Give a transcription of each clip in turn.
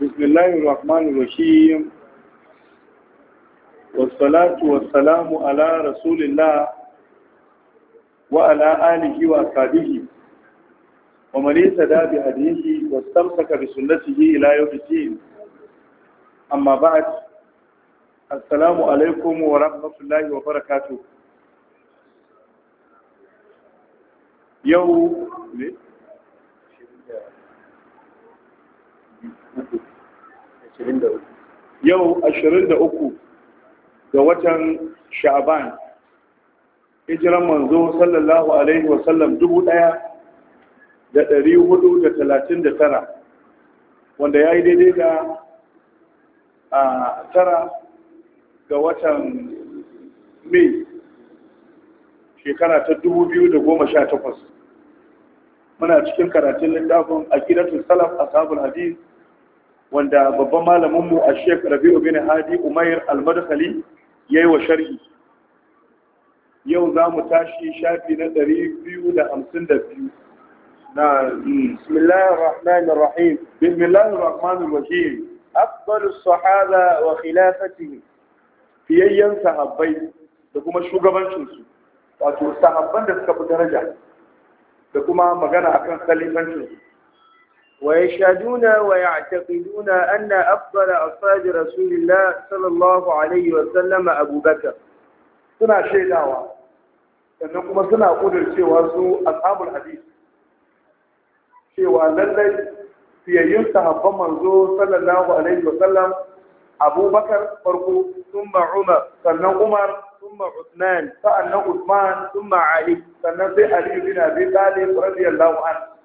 بسم الله الرحمن الرحيم والصلاة والسلام على رسول الله وعلى آله وأصحابه ومن اهتدى بهديه واستمسك بسنته إلى يوم الدين أما بعد السلام عليكم ورحمة الله وبركاته يوم yau 23 ga watan sha'aban hijiran manzo sallallahu alaihi wasallam 1439 wanda ya yi daidai da a tara ga watan mai shekara ta 2018 muna cikin karatun littafin akidatun salaf sabon hadith wanda babban malaminmu a shek rabi'u bin hadi umair al-madkhali ya yi wa sharhi yau za mu tashi shafi na 252 na mm. bismillahir rahmanir rahim bismillahir rahmanir rahim afdalu sahaba wa khilafatihim fiyayyan sahabbai da kuma shugabancinsu wato sahabban da suka fi daraja da kuma magana akan khalifancinsu ويشهدون ويعتقدون أن أفضل أصحاب رسول الله صلى الله عليه وسلم أبو بكر سنة شيء دعوة أنكم سنة أقول الشيء واسو أصحاب الحديث شيء والذي في ينتهى منظور صلى الله عليه وسلم أبو بكر فرقو ثم عمر سنة عمر ثم عثمان سأنه عثمان ثم علي سنة علي بن أبي طالب رضي الله عنه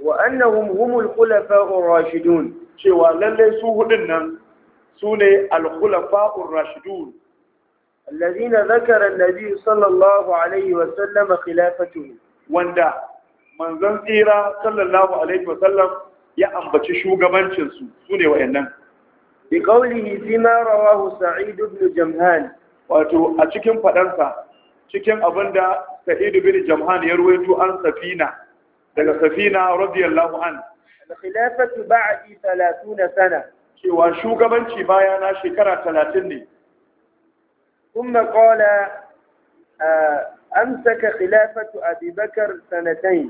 wa annahum humul khulafa'ur rashidun cewa lalle su hudun nan sune al khulafa'ur rashidun allazina zakara annabi sallallahu alaihi wa sallam khilafatuhu wanda manzon tsira sallallahu alaihi wa sallam ya ambaci shugabancin su sune wayannan bi qawlihi fima rawahu sa'id ibn jamhan wato a cikin fadansa cikin abinda sa'id ibn jamhan ya ruwaito an safina daga safina radiyallahu an khilafatu ba'di 30 sana cewa shugabanci baya na shekara 30 ne kuma qala amsaka khilafatu abi bakr sanatayn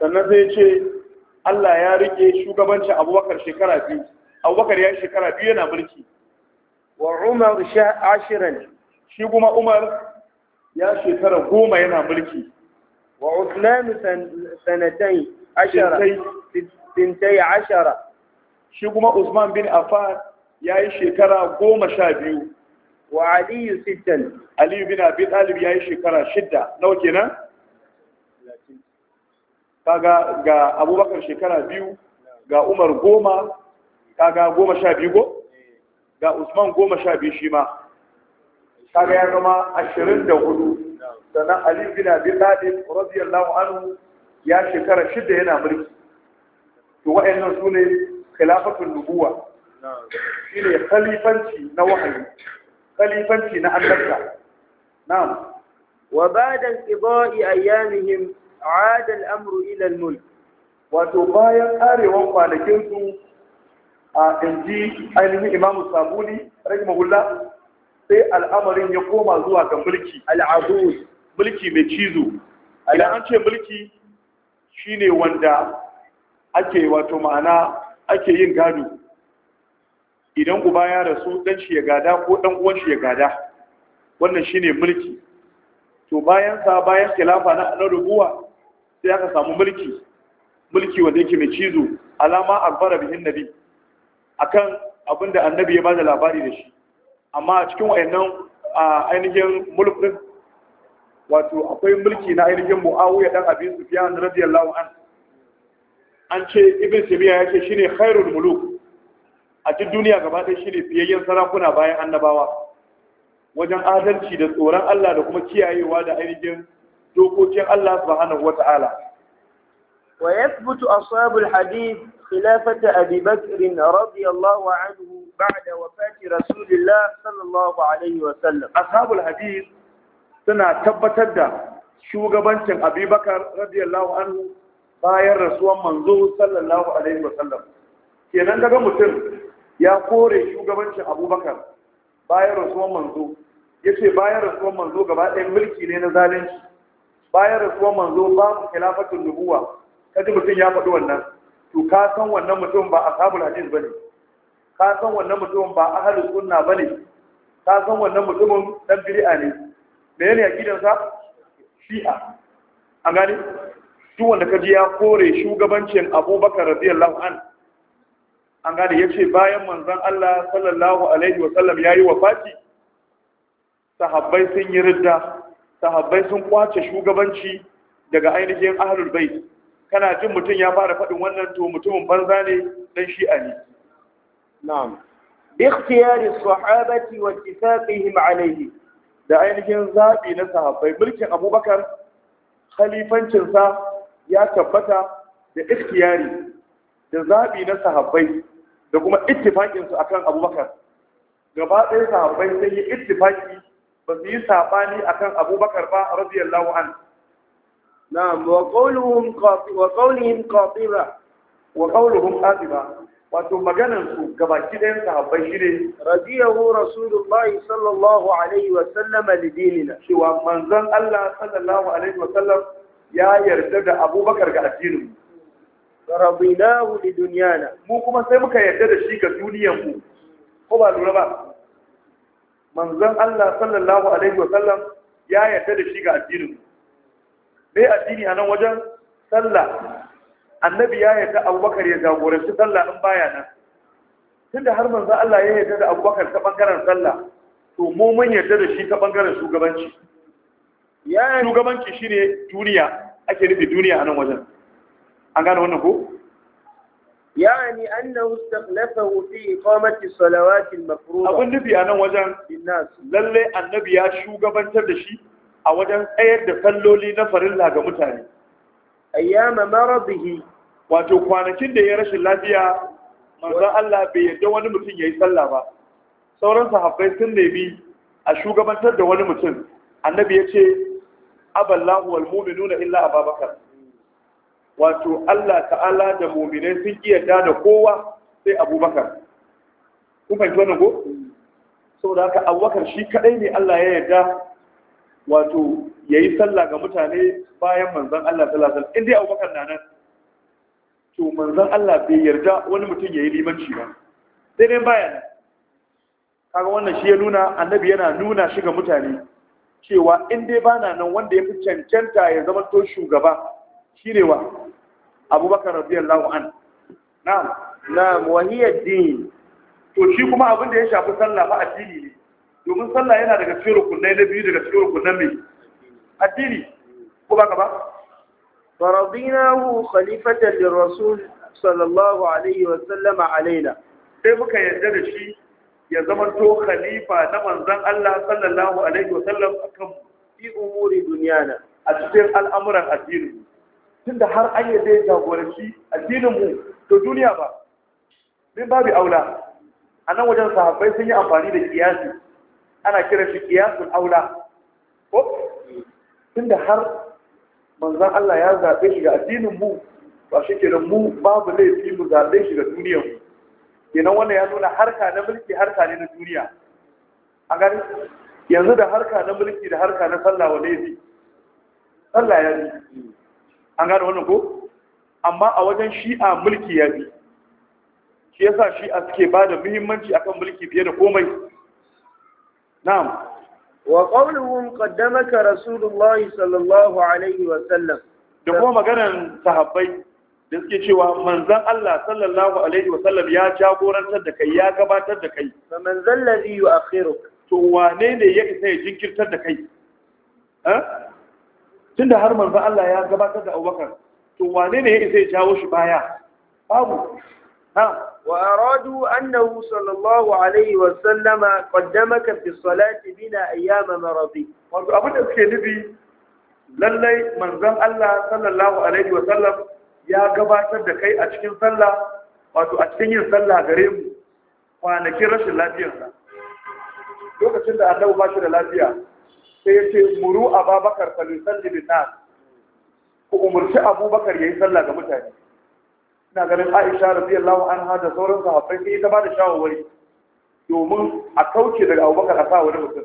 sannan sai ce Allah ya rike shugabancin Abubakar shekara biyu Abubakar ya shekara biyu yana mulki wa Umar sha ashirin shi kuma Umar ya shekara goma yana mulki وعثمان سنتين عشرة سنتي عشرة شو كما عثمان بن أفان يا كرا قوم شابيو وعلي ستا علي بن أبي طالب يا كرا شدة نو kaga ga abubakar shekara biyu ga umar goma kaga goma sha biyu go ga usman goma sha biyu shi ma kaga ya zama ashirin da hudu sannan ali bin abi talib radiyallahu anhu ya shekara shida yana mulki to wa'annan sune ne khilafatul nubuwa shine khalifanci na wahayi khalifanci na annabta na'am wa ba'da inqida'i ayyamihim 'ada al-amru ila al-mulk wato bayan karewan kwanakin su a inji ainihin imam sabuni rahimahullah sai al'amarin ya koma zuwa ga mulki al-azuz mulki mai cizo idan an ce mulki shine wanda ake wato ma'ana ake yin gado idan uba ya rasu dan shi ya gada ko dan uwan shi ya gada wannan shine mulki to bayan sa bayan khilafa na rubuwa sai aka samu mulki mulki wanda yake mai cizo alama akbara bihin nabi akan abinda annabi ya bada labari da shi amma a cikin wayannan ainihin mulkin wato akwai mulki na ainihin muawiya dan abi sufyan radiyallahu an an ce ibn sibiya yake shine khairul muluk a duk duniya gaba ɗaya shine fiyayyen sarakuna bayan annabawa wajen adalci da tsoron Allah da kuma kiyayewa da ainihin dokokin Allah subhanahu wata'ala wa yathbutu ashabul hadith خلافة أبي بكر رضي الله عنه بعد وفاة رسول الله صلى الله عليه وسلم suna tabbatar da shugabancin abubakar radiyallahu anhu bayan rasuwan manzo sallallahu alaihi wasallam kenan daga mutum ya kore shugabancin abubakar bayan rasuwan manzo ya ce bayan rasuwan manzo gaba ɗayan mulki ne na zalunci bayan rasuwan manzo ba mu khilafatun nubuwa kaji mutum ya faɗi wannan to ka san wannan mutum ba ashabul hadis bane ka san wannan mutum ba ahlus sunna bane ka san wannan mutumin dan bid'a ne da ne aqidansa shi'a an gani duk wanda kaji ya kore shugabancin Abubakar radiyallahu an an gani ya ce bayan manzan Allah sallallahu alaihi wasallam yayi wafati sahabbai sun yi ridda sahabbai sun kwace shugabanci daga ainihin ahlul bait kana jin mutum ya fara faɗin wannan to mutumin banza ne dan shi'a ne na'am bi ikhtiyari sahabati wa ittifaqihim alayhi da ainihin zaɓi na sahabbai mulkin abubakar khalifancinsa ya tabbata da ikhtiyari da zaɓi na sahabbai da kuma ittifaƙinsu a kan abubakar gaba ɗaya sahabbai sai yi ittifaƙi ba su yi saɓani a kan abubakar ba radiyallahu an na'am wa qawluhum qatira wa qawluhum qatira wato maganan gabaki ɗayan sahabbai shi ne radiyahu rasulullahi sallallahu alaihi wa sallam lidinina cewa manzon Allah sallallahu alaihi wa sallam ya yarda da Abubakar ga addinin mu radinahu lidunyana mu kuma sai muka yarda da shi ga duniyar mu ko ba lura ba manzon Allah sallallahu alaihi wa sallam ya yarda da shi ga addinin mu me addini a nan wajen sallah annabi ya yarda abubakar ya jagoranci sallah in baya nan tunda har manzo Allah ya yarda da abubakar ta ɓangaren sallah to mu mun yarda da shi ta ɓangaren shugabanci Shugabanci shi ne duniya ake nufi duniya a nan wajen an gane wannan ko yani annahu istakhlafahu fi iqamati salawati al-mafruḍa abun nufi a nan wajen lalle annabi ya shugabantar da shi a wajen tsayar da salloli na farilla ga mutane ayyama maradihi wato kwanakin da ya rashin lafiya manzon Allah bai yarda wani mutum yayi sallah ba sauran sahabbai sun nemi a shugabantar da wani mutum annabi ya ce aballahu wal mu'minuna illa ababakar wato Allah ta'ala da mu'minai sun iya da kowa sai abubakar kun fahimci wannan ko saboda haka abubakar shi kadai ne Allah ya yarda wato yayi sallah ga mutane bayan manzon Allah sallallahu alaihi wasallam in dai abubakar na nan to manzon Allah bai yarda wani mutum ya yi limanci ba sai dai bayan kaga wannan shi ya nuna annabi yana nuna shi ga mutane cewa in dai bana nan wanda ya fi cancanta ya zama to shugaba shine wa abubakar radiyallahu an na'am na'am wa din to shi kuma abin da ya shafi sallah fa addini ne domin sallah yana daga cikin rukunai na biyu daga cikin rukunan mai addini ko ba ka ba فرضيناه خليفة للرسول صلى الله عليه وسلم علينا sai muka yarda da shi ya zamanto khalifa na manzon Allah sallallahu alaihi wasallam akan fi umuri duniyana a cikin al'amuran addini tunda har an yarda ya jagoranci addinin mu to duniya ba min babu aula a nan wajen sahabbai sun yi amfani da kiyasi ana kiran shi aula har manzan Allah ya zaɓe shi ga addinin mu ba shi kenan mu babu laifi mu zaɓe shi ga duniyar mu kenan wannan ya nuna harka na mulki harka ne na duniya a gani yanzu da harka na mulki da harka na sallah wa laifi sallah ya bi an gane wannan ko amma a wajen shi'a mulki ya bi shi yasa shi'a suke ba da muhimmanci akan mulki fiye da komai na'am وقولهم قدمك رسول الله صلى الله عليه وسلم da kuma maganar sahabbai da suke cewa manzan Allah sallallahu alaihi wasallam ya jagorantar da kai ya gabatar da kai fa man zallazi yu'akhiru to wane ne ya isa ya jinkirtar da kai tunda har manzan Allah ya gabatar da Abubakar to wane ne ya isa ya jawo shi baya babu ha وأرادوا أنه صلى الله عليه وسلم قدمك في الصلاة بنا أيام مرضي وأبدا كنبي للي من ذن الله صلى الله عليه وسلم يا قبا دكي أشكين صلى wato a cikin yin sallah gare mu kwanakin rashin lafiyarsa lokacin da annabi ba shi da lafiya sai ya ce muru ababakar fa bin ku umurci abubakar yayi sallah ga mutane ina ganin aisha radiyallahu anha da sauran sahabbai sun yi ta bada shawarwari domin a kauce daga abubakar a sa wani mutum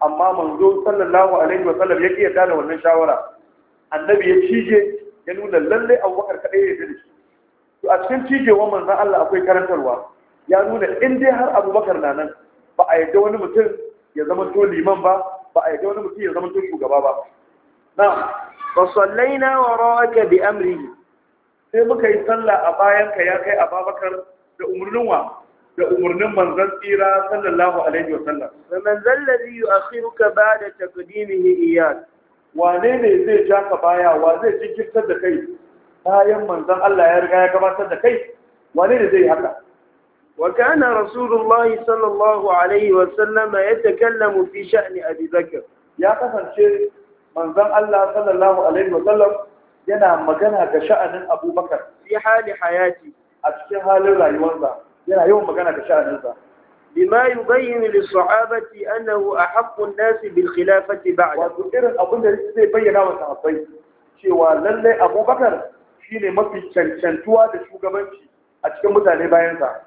amma manzo sallallahu alaihi wa sallam ya iya da wannan shawara annabi ya cije ya nuna lalle abubakar kadai ya dade shi to a cikin cijewan manzon Allah akwai karantarwa ya nuna in dai har abubakar na nan ba a yadda wani mutum ya zama to liman ba ba a yadda wani mutum ya zama to shugaba ba na'am fa sallaina wa ra'aka bi amrihi sai muka yi sallah a bayan ka ya kai ababakar da umarnin wa da umarnin manzon tsira sallallahu alaihi wa sallam wa man zallazi yu'akhiruka ba'da taqdimihi iyyak wane ne zai ja ka baya wa zai jinkirtar da kai bayan manzan Allah ya riga ya gabatar da kai wane ne zai haka وكان رسول الله صلى الله عليه وسلم يتكلم في fi أبي بكر يا كفن شيء من ذن الله صلى الله عليه وسلم yana magana ga sha'anin abubakar fi hali hayati a cikin halin rayuwarsa yana yawan magana ga sha'aninsa bima yi li sahabati annahu a an-nas bil khilafati ba'da wato irin abin da zai bayyana wa sahabbai cewa lallai abubakar shine mafi cancantuwa da shugabanci a cikin mutane bayansa sa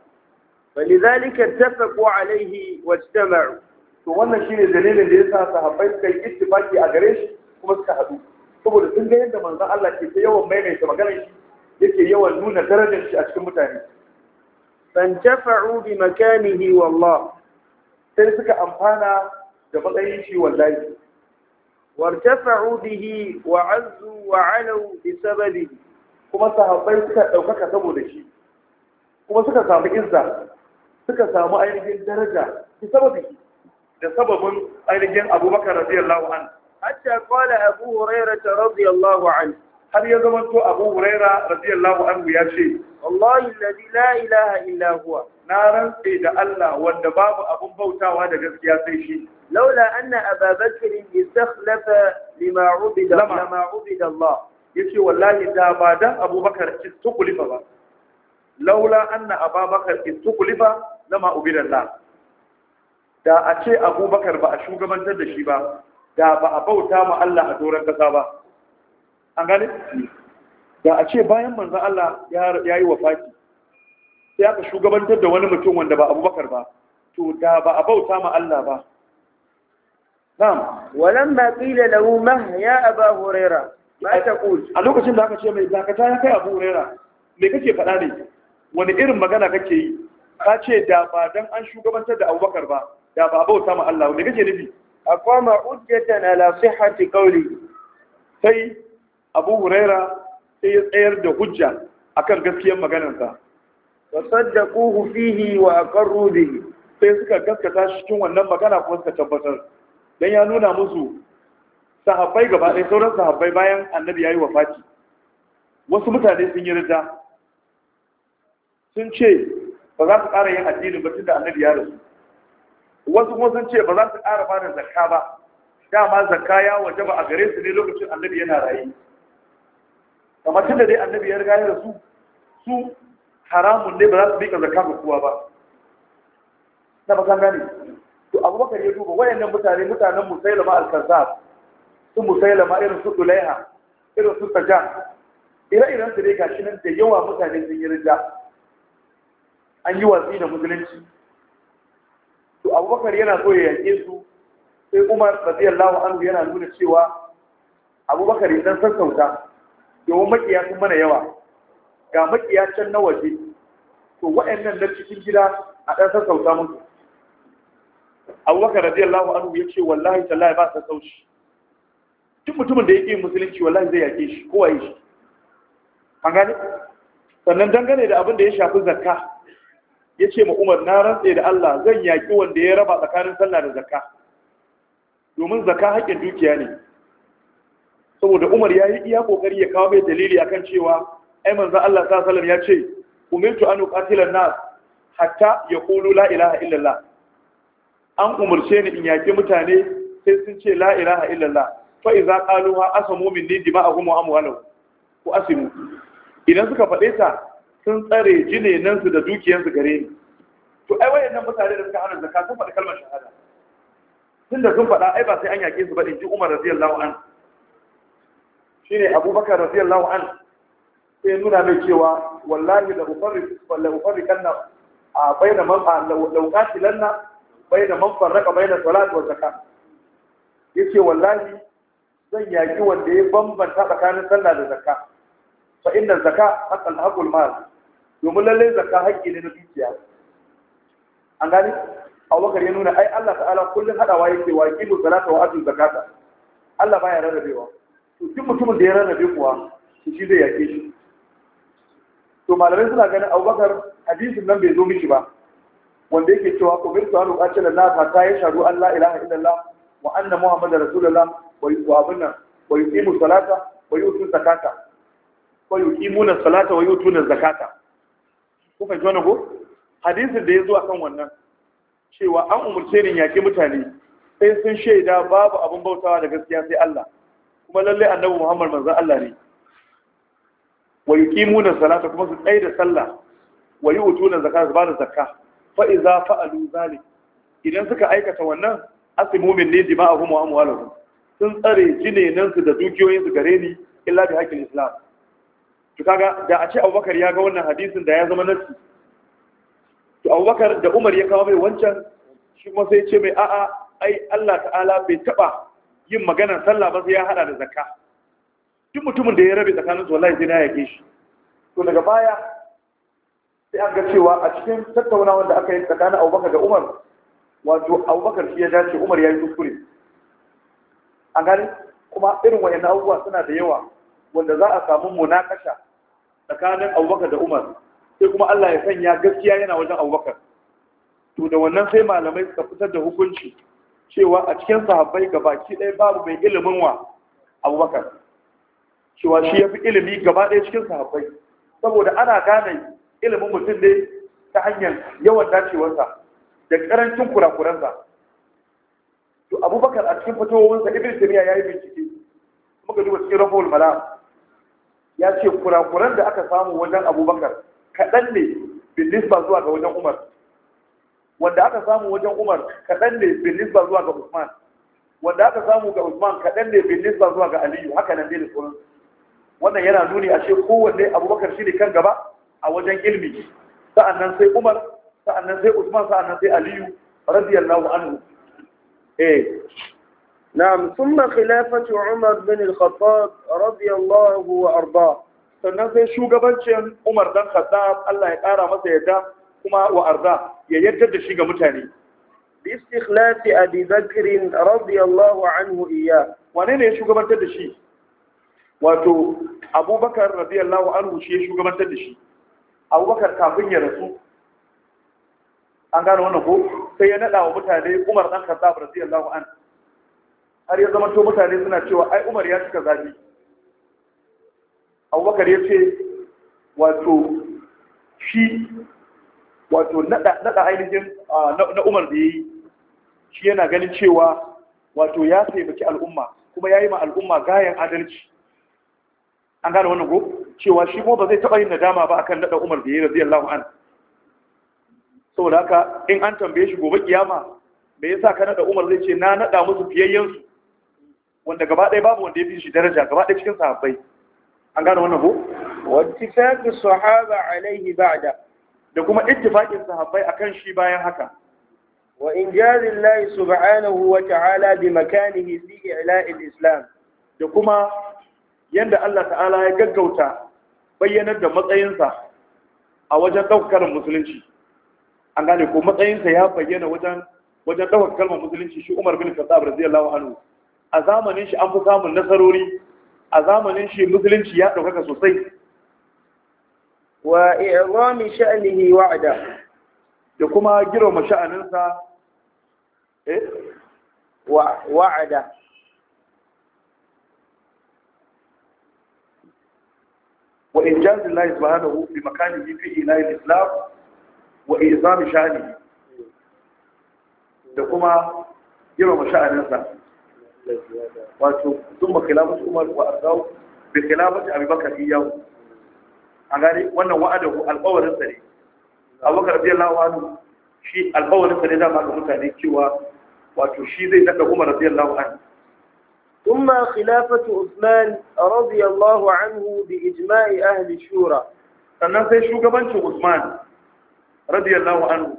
فلذلك Alayhi عليه to wannan shine dalilin da yasa sahabbai suka yi ittifaki a gare shi kuma suka haɗu saboda sun ga yadda manzon Allah ke yawan maimaita magana shi yake yawan nuna darajar shi a cikin mutane فانتفعوا بمكانه والله sai suka amfana da matsayin shi wallahi wartafa'u bihi wa azzu wa alau bi sababi kuma sahabbai suka daukaka saboda shi kuma suka samu izza suka samu ainihin daraja bi sababi da sababin ainihin Abubakar radiyallahu anhu hatta qala abu hurairah radiyallahu anhu har ya zama to abu huraira radiyallahu anhu ya ce wallahi alladhi la ilaha illa huwa na rantse da Allah wanda babu abun bautawa da gaskiya sai shi laula anna aba bakr istakhlafa lima ubida lama ubida Allah yace wallahi da ba dan abubakar istukulifa ba laula anna ababakar istukulifa lama ubida da a ce abubakar ba a shugabantar da shi ba da ba a bauta ma Allah a doron kasa ba an gane da a ce bayan manzo Allah ya yi wafaki sai aka shugabantar da wani mutum wanda ba abubakar ba to da ba a bauta ma Allah ba na'am walan ba qila lahu ma ya aba huraira ma ƙuri. a lokacin da aka ce mai zakata ya kai abu huraira me kake faɗa ne wani irin magana kake yi ka ce da ba dan an shugabantar da abubakar ba da ba a bauta ma Allah ba me kake nufi aqama hujjatan ala sihhati qawli sai Abu Huraira sai ya tsayar da hujja akan gaskiyar maganarsa wa saddaquhu fihi wa aqarru bihi sai suka gaskata shi cikin wannan magana kuma suka tabbatar dan ya nuna musu sahabbai gaba ɗaya sauran sahabbai bayan annabi yayi wafati wasu mutane sun yi rida sun ce ba za su ƙara yin addini ba tunda annabi ya rasu wasu kuma sun ce ba za su ƙara ba da zakka ba dama zakka ya waje ba a gare su ne lokacin annabi yana raye kamar tunda dai annabi ya riga da su su haramun ne ba za su bi zakka ga kowa ba na ba gane to abu abubakar ya duba wayannan mutane mutanen musailama al-kazzab su musailama irin su dulaiha irin su tajan ire-iren su ne gashi nan da yawa mutane sun yi rija an yi watsi da musulunci to abubakar yana so ya yanke su sai umar radiyallahu anhu yana nuna cewa abubakar idan sassauta domin makiya sun mana yawa ga makiya can na waje to wa'annan na cikin gida a ɗan sassauta musu abubakar radiyallahu anhu ya ce wallahi tallahi ba sassauci duk mutumin da ya musulunci wallahi zai yake shi kowa yi shi an gane sannan dangane da abin da ya shafi zakka ya ce ma umar na rantse da Allah zan yaƙi wanda ya raba tsakanin sallah da zakka domin zakka haƙƙin dukiya ne saboda umar ya yi iya ƙoƙari ya kawo mai dalili akan cewa ai manzo Allah sa salar ya ce umirtu an uqatila nas hatta ya la ilaha illallah an umarce ni in yaƙi mutane sai sun ce la ilaha illallah fa idza qaluha asamu jima'a, dima'ahum wa amwalahum ku asimu idan suka faɗe ta sun tsare jinenansu da dukiyansu gare ni to ai nan mutane da suka hana zaka sun faɗi kalmar shahada tunda sun faɗa ai ba sai an yaƙe su ba in ji Umar radiyallahu an shine Abubakar radiyallahu an sai nuna mai cewa wallahi la ufarri la ufarri kanna a bayna man la lanna bayna man farraqa bayna salati wa zakat yace wallahi zan yaƙi wanda ya bambanta tsakanin sallah da zakat fa inna zaka haqqal haqqul mal domin lalle zaka haƙƙi ne na dukiya an gani Abubakar ya nuna ai Allah ta'ala kullun hadawa yake wa qimu salata wa atu zakata Allah baya rarrabewa to duk mutumin da ya rarrabe kuwa shi zai yake shi to malamai suna ganin Abubakar hadisin nan bai zo miki ba wanda yake cewa umirtu an uqatila la ta ta yashhadu an la ilaha illallah wa anna muhammadar rasulullah wa yuqimuna wa yuqimu salata wa yutu zakata wa yuqimuna salata wa yutuna zakata ku fahimci wannan ko hadisin da ya zo akan wannan cewa an umurce ni yake mutane sai sun shaida babu abin bautawa da gaskiya sai Allah kuma lalle annabi Muhammad manzon Allah ne wa yuqimuna salata kuma su tsaya da sallah wa yu'tuna zakata su bada zakka fa idza fa'alu zalik idan suka aikata wannan asu mu'min ne dima'ahum wa amwaluhum sun tsare jinenansu da dukiyoyinsu gare ni illa bi haqqil islam kaga da a ce abubakar ya ga wannan hadisin da ya zama nassi to abubakar da umar ya kawo mai wancan shi kuma sai ce mai a'a ai Allah ta'ala bai taba yin maganar sallah ba sai ya hada da zakka duk mutumin da ya rabe tsakanin su wallahi sai na yake shi to daga baya sai an ga cewa a cikin tattaunawar da aka yi tsakanin abubakar da umar wato abubakar shi ya dace umar ya yi kuskure a gani kuma irin wayannan abubuwa suna da yawa wanda za a samu munakasha tsakanin abubakar da umar sai kuma allah ya sanya gaskiya yana wajen abubakar to da wannan sai malamai suka fitar da hukunci cewa a cikin sahabbai ga baki ɗaya babu mai ilimin wa abubakar cewa shi ya fi ilimi gaba ɗaya cikin sahabbai saboda ana gane ilimin mutum ne ta hanyar yawan dacewarsa da ƙarancin kurakuransa to abubakar a cikin fitowarsa ibn taymiya ya yi bincike muka duba cikin rahul malam ya ce kurakuran da aka samu wajen abubakar kaɗan ne bilisba zuwa ga wajen umar wanda aka samu wajen umar kaɗan ne bilisba zuwa ga usman wanda aka samu ga usman kaɗan ne bilisba zuwa ga aliyu haka nan dai da wannan yana nuni a ce kowanne abubakar shi ne kan gaba a wajen ilmi sa'annan sai umar sa'annan sai usman sa'annan sai aliyu radiyallahu anhu eh نعم ثم خلافة عمر بن الخطاب رضي الله وأرضاه sannan sai shugabancin Umar dan Khattab Allah ya ƙara masa yadda kuma wa arda ya yarda da shi ga mutane bi istikhlafi Abi Bakr radiyallahu anhu iya wane ne ya shugabantar da shi wato Abubakar radiyallahu anhu shi ya shugabantar da shi Abubakar kafin ya rasu an gano wannan ko sai ya nada wa mutane Umar dan Khattab radiyallahu anhu har ya zama to mutane suna cewa ai umar ya cika zafi abubakar ya ce wato shi wato naɗa ainihin na umar da ya yi shi yana ganin cewa wato ya taimaki al'umma kuma ya yi ma al'umma gayan adalci an gane wannan ko cewa shi ba zai taɓa yin nadama ba akan naɗa umar da ya yi radiyallahu an saboda haka in an tambaye shi gobe kiyama me yasa ka naɗa umar zai ce na naɗa musu fiyayyensu wanda gaba ɗaya babu wanda ya fi shi daraja gaba ɗaya cikin sahabbai an gane wannan ko wattifaqi sahaba alaihi ba'da da kuma ittifaqin sahabbai akan shi bayan haka wa injazillahi subhanahu wa ta'ala bi makanihi fi i'la'il islam da kuma yanda Allah ta'ala ya gaggauta bayyanar da matsayinsa a wajen ɗaukar musulunci an gane ko matsayinsa ya bayyana wajen wajen ɗaukar kalmar musulunci shi Umar bin Khattab radiyallahu anhu a zamanin shi an fi samun nasarori a zamanin shi musulunci ya ɗaukaka sosai wa irami sha'anihi wa'ada da kuma girma sha'aninsa eh wa'ada wa injazin lahi subhanahu bi makanihi fi ilahi islam wa izami sha'anihi da kuma girma sha'aninsa wato sun makhilafatu umar wa arzau bi khilafati abubakar iyahu a gane wannan wa'adahu alƙawarin sa abubakar radiyallahu anhu shi alƙawarin sa dama ga mutane cewa wato shi zai daga umar radiyallahu anhu ثم خلافة عثمان رضي الله عنه بإجماع أهل الشورى sannan sai shugabancin Usman radiyallahu anhu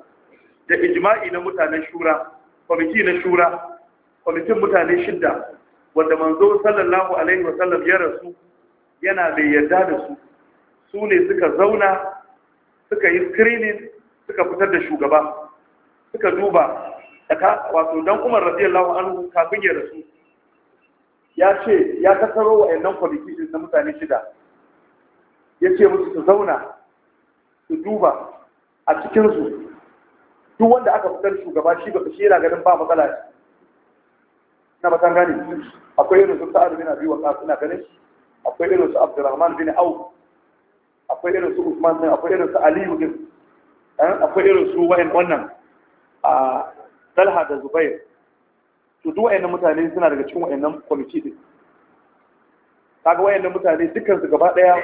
da ijma'i na mutanen shura kwamiti na shura kwamitin mutane shidda wanda manzo sallallahu alaihi wasallam ya rasu yana mai yarda da su su ne suka zauna suka yi screening suka fitar da shugaba suka duba wato dan umar radiyallahu anhu kafin ya rasu ya ce ya tattaro wa yannan din na mutane shida ya ce musu su zauna su duba a cikinsu duk wanda aka fitar shugaba shi ba shi yana ganin ba matsala na matan gani akwai irin su sa'ad bin abi waqas ina ganin akwai irin su abdurrahman bin auf akwai irin su usman bin akwai irin su aliyu bin eh, akwai irin su wayan wannan a talha da zubair to duk wayannan mutane suna daga cikin wayannan kwamiti din kaga wayannan mutane dukkan su gaba daya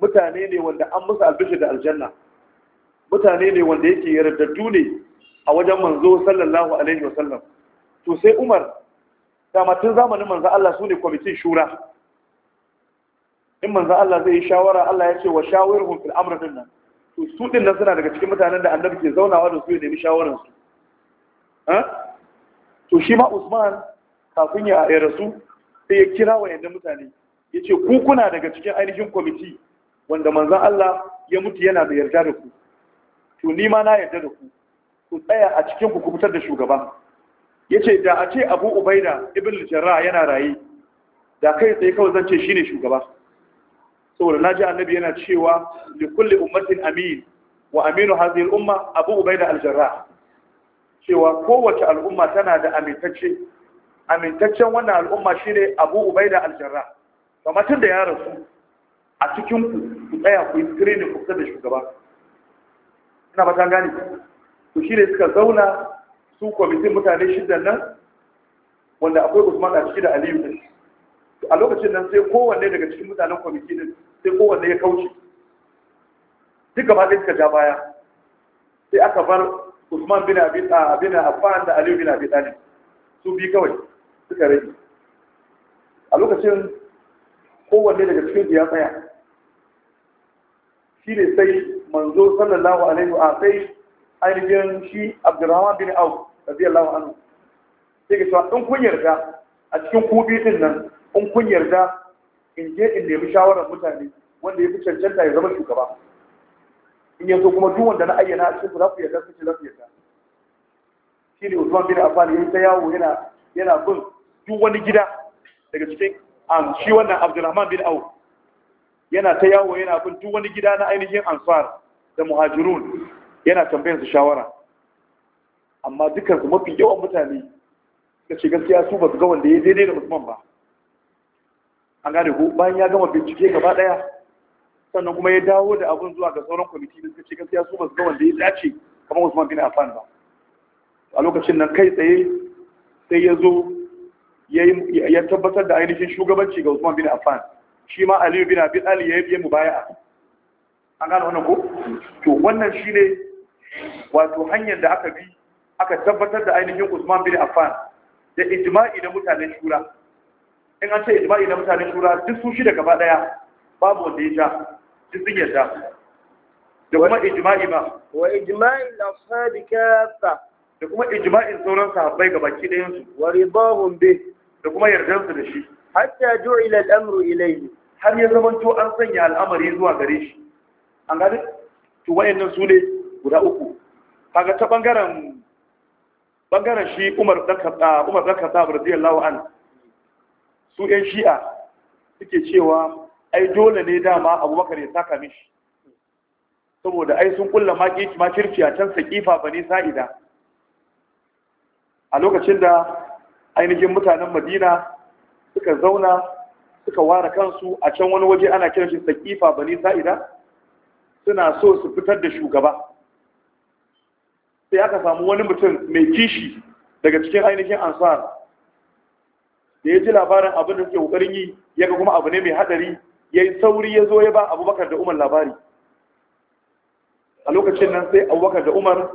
mutane ne wanda an musu albishi da aljanna mutane ne wanda yake yarda ne a wajen manzo sallallahu alaihi wasallam to sai Umar dama tun zamanin manzan Allah su ne kwamitin shura in manzan Allah zai yi shawara Allah ya ce wa shawirhum fil amr nan to su ɗin nan suna daga cikin mutanen da annabi ke zaunawa da su ya nemi shawararsu. to shi ma Usman kafin ya rasu sai ya kira yadda mutane ya ce ku kuna daga cikin ainihin kwamiti wanda manzan Allah ya mutu yana da yarda da ku to ni ma na yarda da ku ku tsaya a cikin ku ku fitar da shugaba yace da a ce Abu Ubaida ibn al-Jarrah yana rayi da kai tsaye kawai zan ce shine shugaba saboda ji annabi yana cewa li kulli ummatin amin wa aminu hadhihi al Abu Ubaida al-Jarrah cewa kowace al'umma tana da amintacce amintaccen wannan al'umma shine Abu Ubaida al-Jarrah kamar tun da ya rasu a cikin ku ku tsaya ku yi training ku da shugaba ina ba ta gane ku shi ne suka zauna su kwamitin mutane shidan nan wanda akwai usman a ciki da aliyu ne a lokacin nan sai kowanne daga cikin mutanen kwamiti din sai kowanne ya kauce duk gaba ɗaya suka ja baya sai aka bar usman bin abi bin affan da aliyu bin abi ne, su bi kawai suka rage a lokacin kowanne daga cikin ya tsaya shi ne sai manzo sallallahu alaihi wa sai ainihin shi abdurrahman bin auf radiyallahu anhu sai ka cewa in kun yarda a cikin kubi din nan in kun yarda in je in nemi shawarar mutane wanda ya fi cancanta ya zama shugaba in yanzu kuma duk wanda na ayyana a cikin za ku yarda su ce za yarda shi ne usman bin affan ya yi ta yawo yana yana bin duk wani gida daga cikin um, shi wannan abdurrahman bin auf yana ta yawo yana bin duk wani gida na ainihin ansar da muhajirun yana tambayar su shawara amma dukkan su mafi yawan mutane da ce gaskiya su ba su ga wanda ya daidai da musamman ba an gane ko bayan ya gama bincike gaba daya sannan kuma ya dawo da abun zuwa ga sauran kwamiti da suka ce gaskiya su ba su ga wanda ya dace kamar Usman bin Afan ba a lokacin nan kai tsaye sai ya zo ya tabbatar da ainihin shugabanci ga Usman bin Affan shi ma Aliyu bin Abi Talib ya yi mubaya'a an gane wannan ko to wannan shine wato hanyar da aka bi aka tabbatar da ainihin Usman bin Affan da ijma'i na mutanen shura in an ce ijma'i na mutanen shura duk su shi da gaba daya babu wanda ya sha duk sun yarda da kuma ijma'i ba wa ijma'i al-ashabi kafa da kuma ijma'i sauran sahabbai ga baki ɗayan su wa ridahum bi da kuma yardan su da shi hatta ju'ila al-amru ilayhi har ya zamanto an sanya al'amari zuwa gare shi an gane to wayannan su ne guda uku kaga ta bangaren bangaren shi Umar dan Khattab ah, Umar dan Khattab radiyallahu an su ɗan Shi'a suke cewa ai dole ne dama Abubakar ya saka mishi saboda ai sun kulla makirci a can saqifa bani sa'ida a lokacin da ainihin mutanen Madina suka zauna suka ware kansu a can wani waje ana kiran shi sakifa bani sa'ida suna so su fitar da shugaba sai aka samu wani mutum mai kishi daga cikin ainihin ansar da ya ji labarin abin da suke kokarin yi ya ga kuma abu ne mai hadari ya yi sauri ya zo ya ba abubakar da umar labari a lokacin nan sai abubakar da umar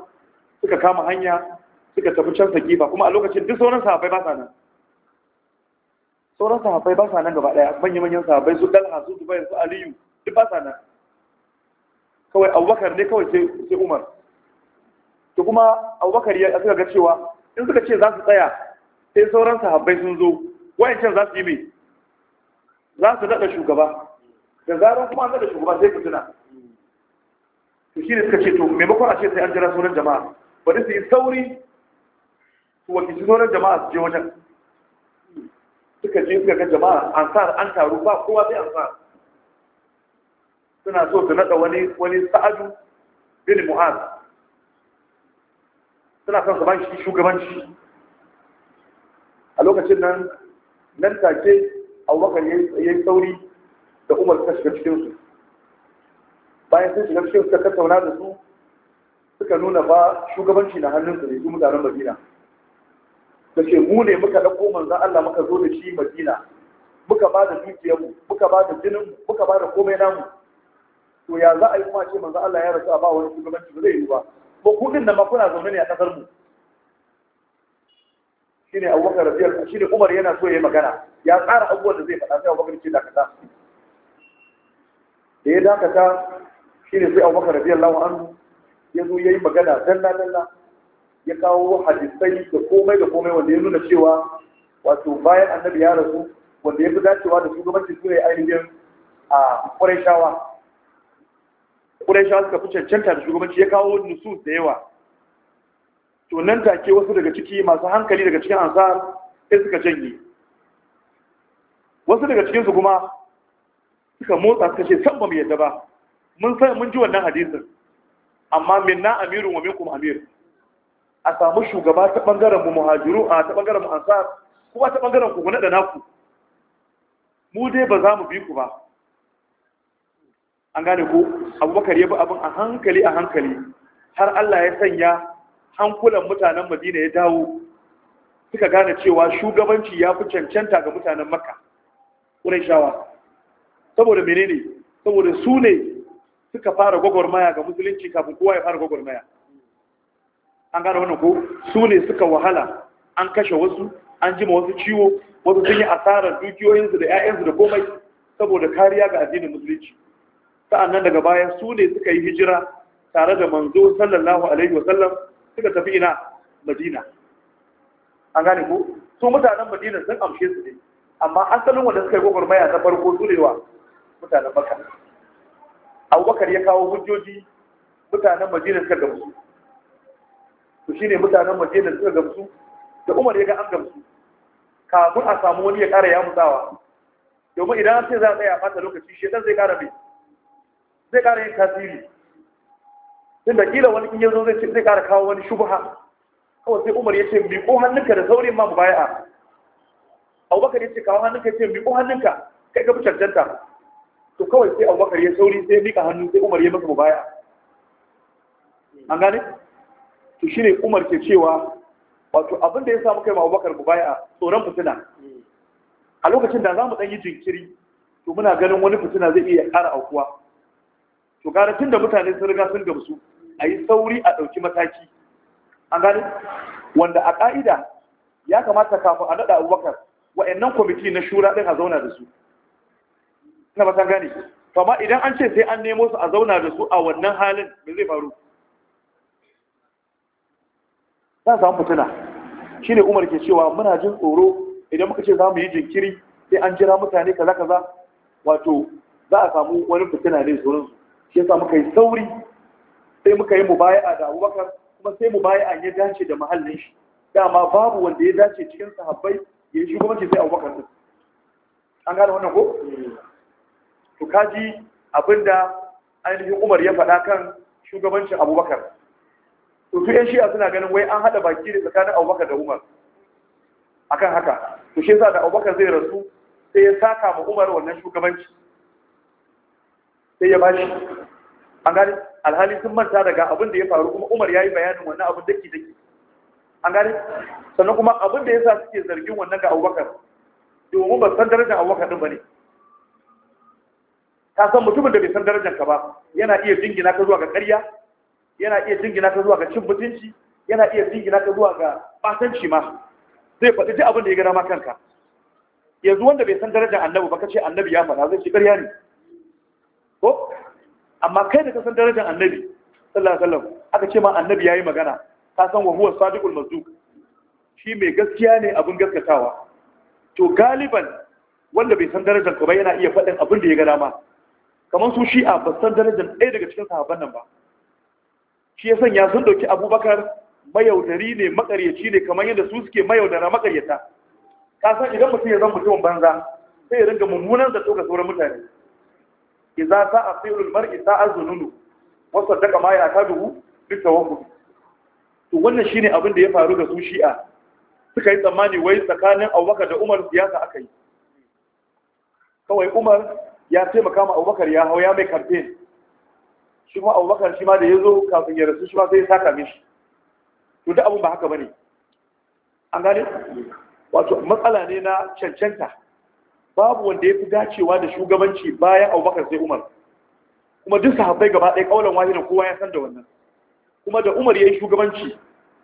suka kama hanya suka tafi can sakifa kuma a lokacin duk sauran sahabbai ba sa nan sauran sahabbai ba sa nan gaba daya manyan manyan sahabbai su dalha su dubai su aliyu duk ba sa nan kawai abubakar ne kawai sai umar da kuma abubakar ya suka ga cewa in suka ce za su tsaya sai sauran sahabbai sun zo wayancan za su yi mai za su daɗa shugaba da zarar kuma daɗa shugaba sai fitina su shi ne suka ce to maimakon a ce sai an jira sauran jama'a bari su yi sauri su wakilci sauran jama'a su je wajen suka je suka ga jama'a sa an taru ba kowa sai sa suna so su naɗa wani wani sa'adu bin mu'az suna son su ba shi shugabanci a lokacin nan nan take abubakar ya yi sauri da umar suka shiga cikinsu bayan sun shiga cikin suka tattauna da su suka nuna ba shugabanci na hannunsu ne su mutanen madina da ke mu ne muka ɗauko manzan Allah muka zo da shi madina muka ba da mu muka ba da mu muka ba da komai namu to ya za a yi kuma ce manzan Allah ya rasu a ba wani shugabanci ba zai yi ba ko kudin da makuna kuna zaune ne a kasar mu shine Abubakar radiyallahu shine Umar yana so ya yi magana ya tsara abubuwan da zai faɗa sai Abubakar ce dakata da ya dakata shine sai Abubakar Lawan, anhu ya zo yayi magana dalla dalla ya kawo hadisai da komai da komai wanda ya nuna cewa wato bayan annabi ya rasu wanda ya fi dacewa da shugabancin su ne ainihin a ƙwarai shawa ƙuraishawa suka fi cancanta da shugabanci ya kawo nusus da yawa to nan take wasu daga ciki masu hankali daga cikin ansar sai suka janye wasu daga cikinsu kuma suka motsa suka ce san ba mu yadda ba mun san mun ji wannan hadisin amma minna Amiru wa minkum amir a samu shugaba ta bangaren mu muhajiru a ta bangaren mu ansar kuma ta bangaren ku na da naku mu dai ba za mu bi ku ba an gane ko abubakar ya bi abin a hankali a hankali har Allah ya sanya hankulan mutanen madina ya dawo suka gane cewa shugabanci ya fi cancanta ga mutanen makka shawa. saboda menene saboda su ne suka fara gwagwarmaya ga musulunci kafin kowa ya fara gwagwarmaya an gane wannan ko su ne suka wahala an kashe wasu an jima wasu ciwo wasu sun yi asarar dukiyoyinsu da 'ya'yansu da komai saboda kariya ga addinin musulunci sa'annan daga baya su ne suka yi hijira tare da manzo sallallahu alaihi wasallam suka tafi ina madina an gane ko su mutanen madina sun amshe su ne amma asalin wanda suka yi gwagwarmaya na farko su ne wa mutanen bakar abubakar ya kawo hujjoji mutanen madina suka gamsu shi ne mutanen madina suka gamsu da umar ya ga an gamsu kafin a samu wani ya ƙara ya mutawa. domin idan sai za a tsaya a ɓata lokaci shi zai ƙara mai zai ƙara yin tasiri tun da ƙila wani in zo zai zai ƙara kawo wani shubha kawai sai umar ya ce miƙo hannunka da saurin ma mu mubaya'a abubakar ya ce kawo hannunka ya ce miƙo hannunka kai ka fi cancanta to kawai sai abubakar ya sauri sai miƙa hannu sai umar ya masa mu mubaya'a an gane to shine umar ke cewa wato abin da ya samu kai ma abubakar mu mubaya'a tsoron fitina a lokacin da za mu ɗan yi jinkiri to muna ganin wani fitina zai iya ƙara aukuwa to gara tun da mutane sun riga sun gamsu a yi sauri a ɗauki mataki an gane wanda a ƙa'ida ya kamata kafin a naɗa abubakar wa'annan kwamiti na shura ɗin a zauna da su na matan gane kama idan an ce sai an nemo su a zauna da su a wannan halin me zai faru za samu fituna shi ne umar ke cewa muna jin tsoro idan muka ce za mu yi jinkiri sai an jira mutane kaza kaza wato za a samu wani fitina ne tsoronsu shi yasa muka yi sauri sai muka yi mubaya'a da abubakar kuma sai mubaya'a ya dace da mahallin shi dama babu wanda ya dace cikin sahabbai ya yi shugabanci sai abubakar din an gane wannan ko to kaji abinda ainihin umar ya faɗa kan shugabancin abubakar to su yan shi'a suna ganin wai an haɗa baki da tsakanin abubakar da umar akan haka to shi yasa da abubakar zai rasu sai ya saka ma umar wannan shugabanci sai ya bashi an gane alhali sun manta daga abin da ya faru kuma umar ya yi bayanin wannan abin daki daki an gane sannan kuma abin da ya sa suke zargin wannan ga abubakar domin ba san darajar abubakar din ba ne ka san mutumin da bai san darajar ka ba yana iya jingina ka zuwa ga ƙarya yana iya jingina ka zuwa ga cin mutunci yana iya jingina ka zuwa ga batanci ma zai faɗi duk abin da ya gana ma kanka yanzu wanda bai san darajar annabi ba kace annabi ya faɗa zai ci ƙarya ne ko amma kai da ka san darajar annabi sallallahu aka ce ma annabi yayi magana ka san wa huwa sadiqul mazduq shi mai gaskiya ne abin gaskatawa to galiban wanda bai san darajar ko ba yana iya faɗin abin da ya ga dama kamar su shi'a ba san darajar ɗaya daga cikin sahabban nan ba shi ya sanya sun ɗauki abubakar mayaudari ne makaryaci ne kamar yadda su suke mayaudara makaryata ka san idan mutum ya zama mutumin banza sai ya ringa mummunan zato ga sauran mutane idza a sayrul mar'i ta azununu wa saddaqa ma ya'taduhu bi tawakkul to wannan shine abin da ya faru da su shi'a suka yi tsammani wai tsakanin Abubakar da Umar siyasa aka yi kawai Umar ya taimaka ma Abubakar ya hau ya mai campaign shi kuma Abubakar shi ma da yazo kafin ya rasu shi ma sai ya saka mishi to duk abin ba haka bane an gane wato matsala ne na cancanta babu wanda ya fi dacewa da shugabanci bayan abubakar sai umar kuma duk sahabbai gaba ɗaya ƙaunar wahina kowa ya san da wannan kuma da umar ya yi shugabanci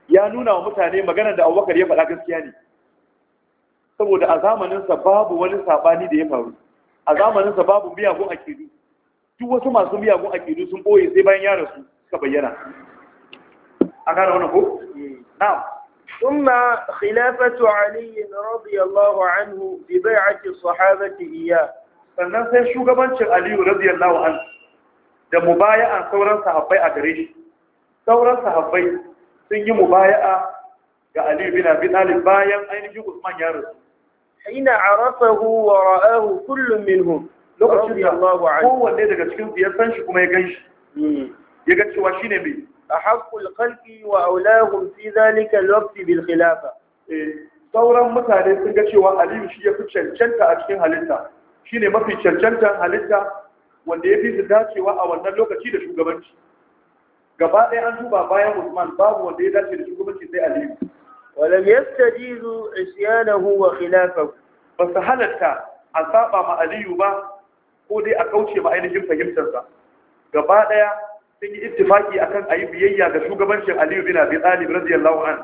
ya nuna wa mutane maganar da abubakar ya faɗa gaskiya ne saboda a zamaninsa babu wani saɓani da ya faru a zamaninsa babu miyagun akidu duk wasu masu miyagun akidu sun ɓoye sai bayan ya rasu suka bayyana an gane wani ko mm. na'am ثم خلافة علي رضي الله عنه ببيعة الصحابة إياه sannan sai shugabancin Aliyu radiyallahu anhu da mubaya'a sauran sahabbai a gare shi sauran sahabbai sun yi mubaya'a ga Aliyu bin Abi Talib bayan ainihin Usman ya rasu hina arafahu wa ra'ahu kullum minhum lokacin da kowanne daga cikin su san shi kuma ya gan shi ya ga cewa shine mai أحق الخلق وأولاهم في ذلك الوقت بالخلافة sauran mutane sun ga cewa aliyu shi ya fi cancanta a cikin halitta shi ne mafi cancanta halitta wanda ya fi su dacewa a wannan lokaci da shugabanci gaba ɗaya an duba bayan usman babu wanda ya dace da shugabanci sai aliyu walam yastajizu isyanahu wa khilafahu ba su halatta a saba ma aliyu ba ko dai a kauce ma ainihin fahimtarsa gaba ɗaya sun yi ittifaki akan ayi biyayya ga shugabancin Aliyu bin Abi Talib radiyallahu an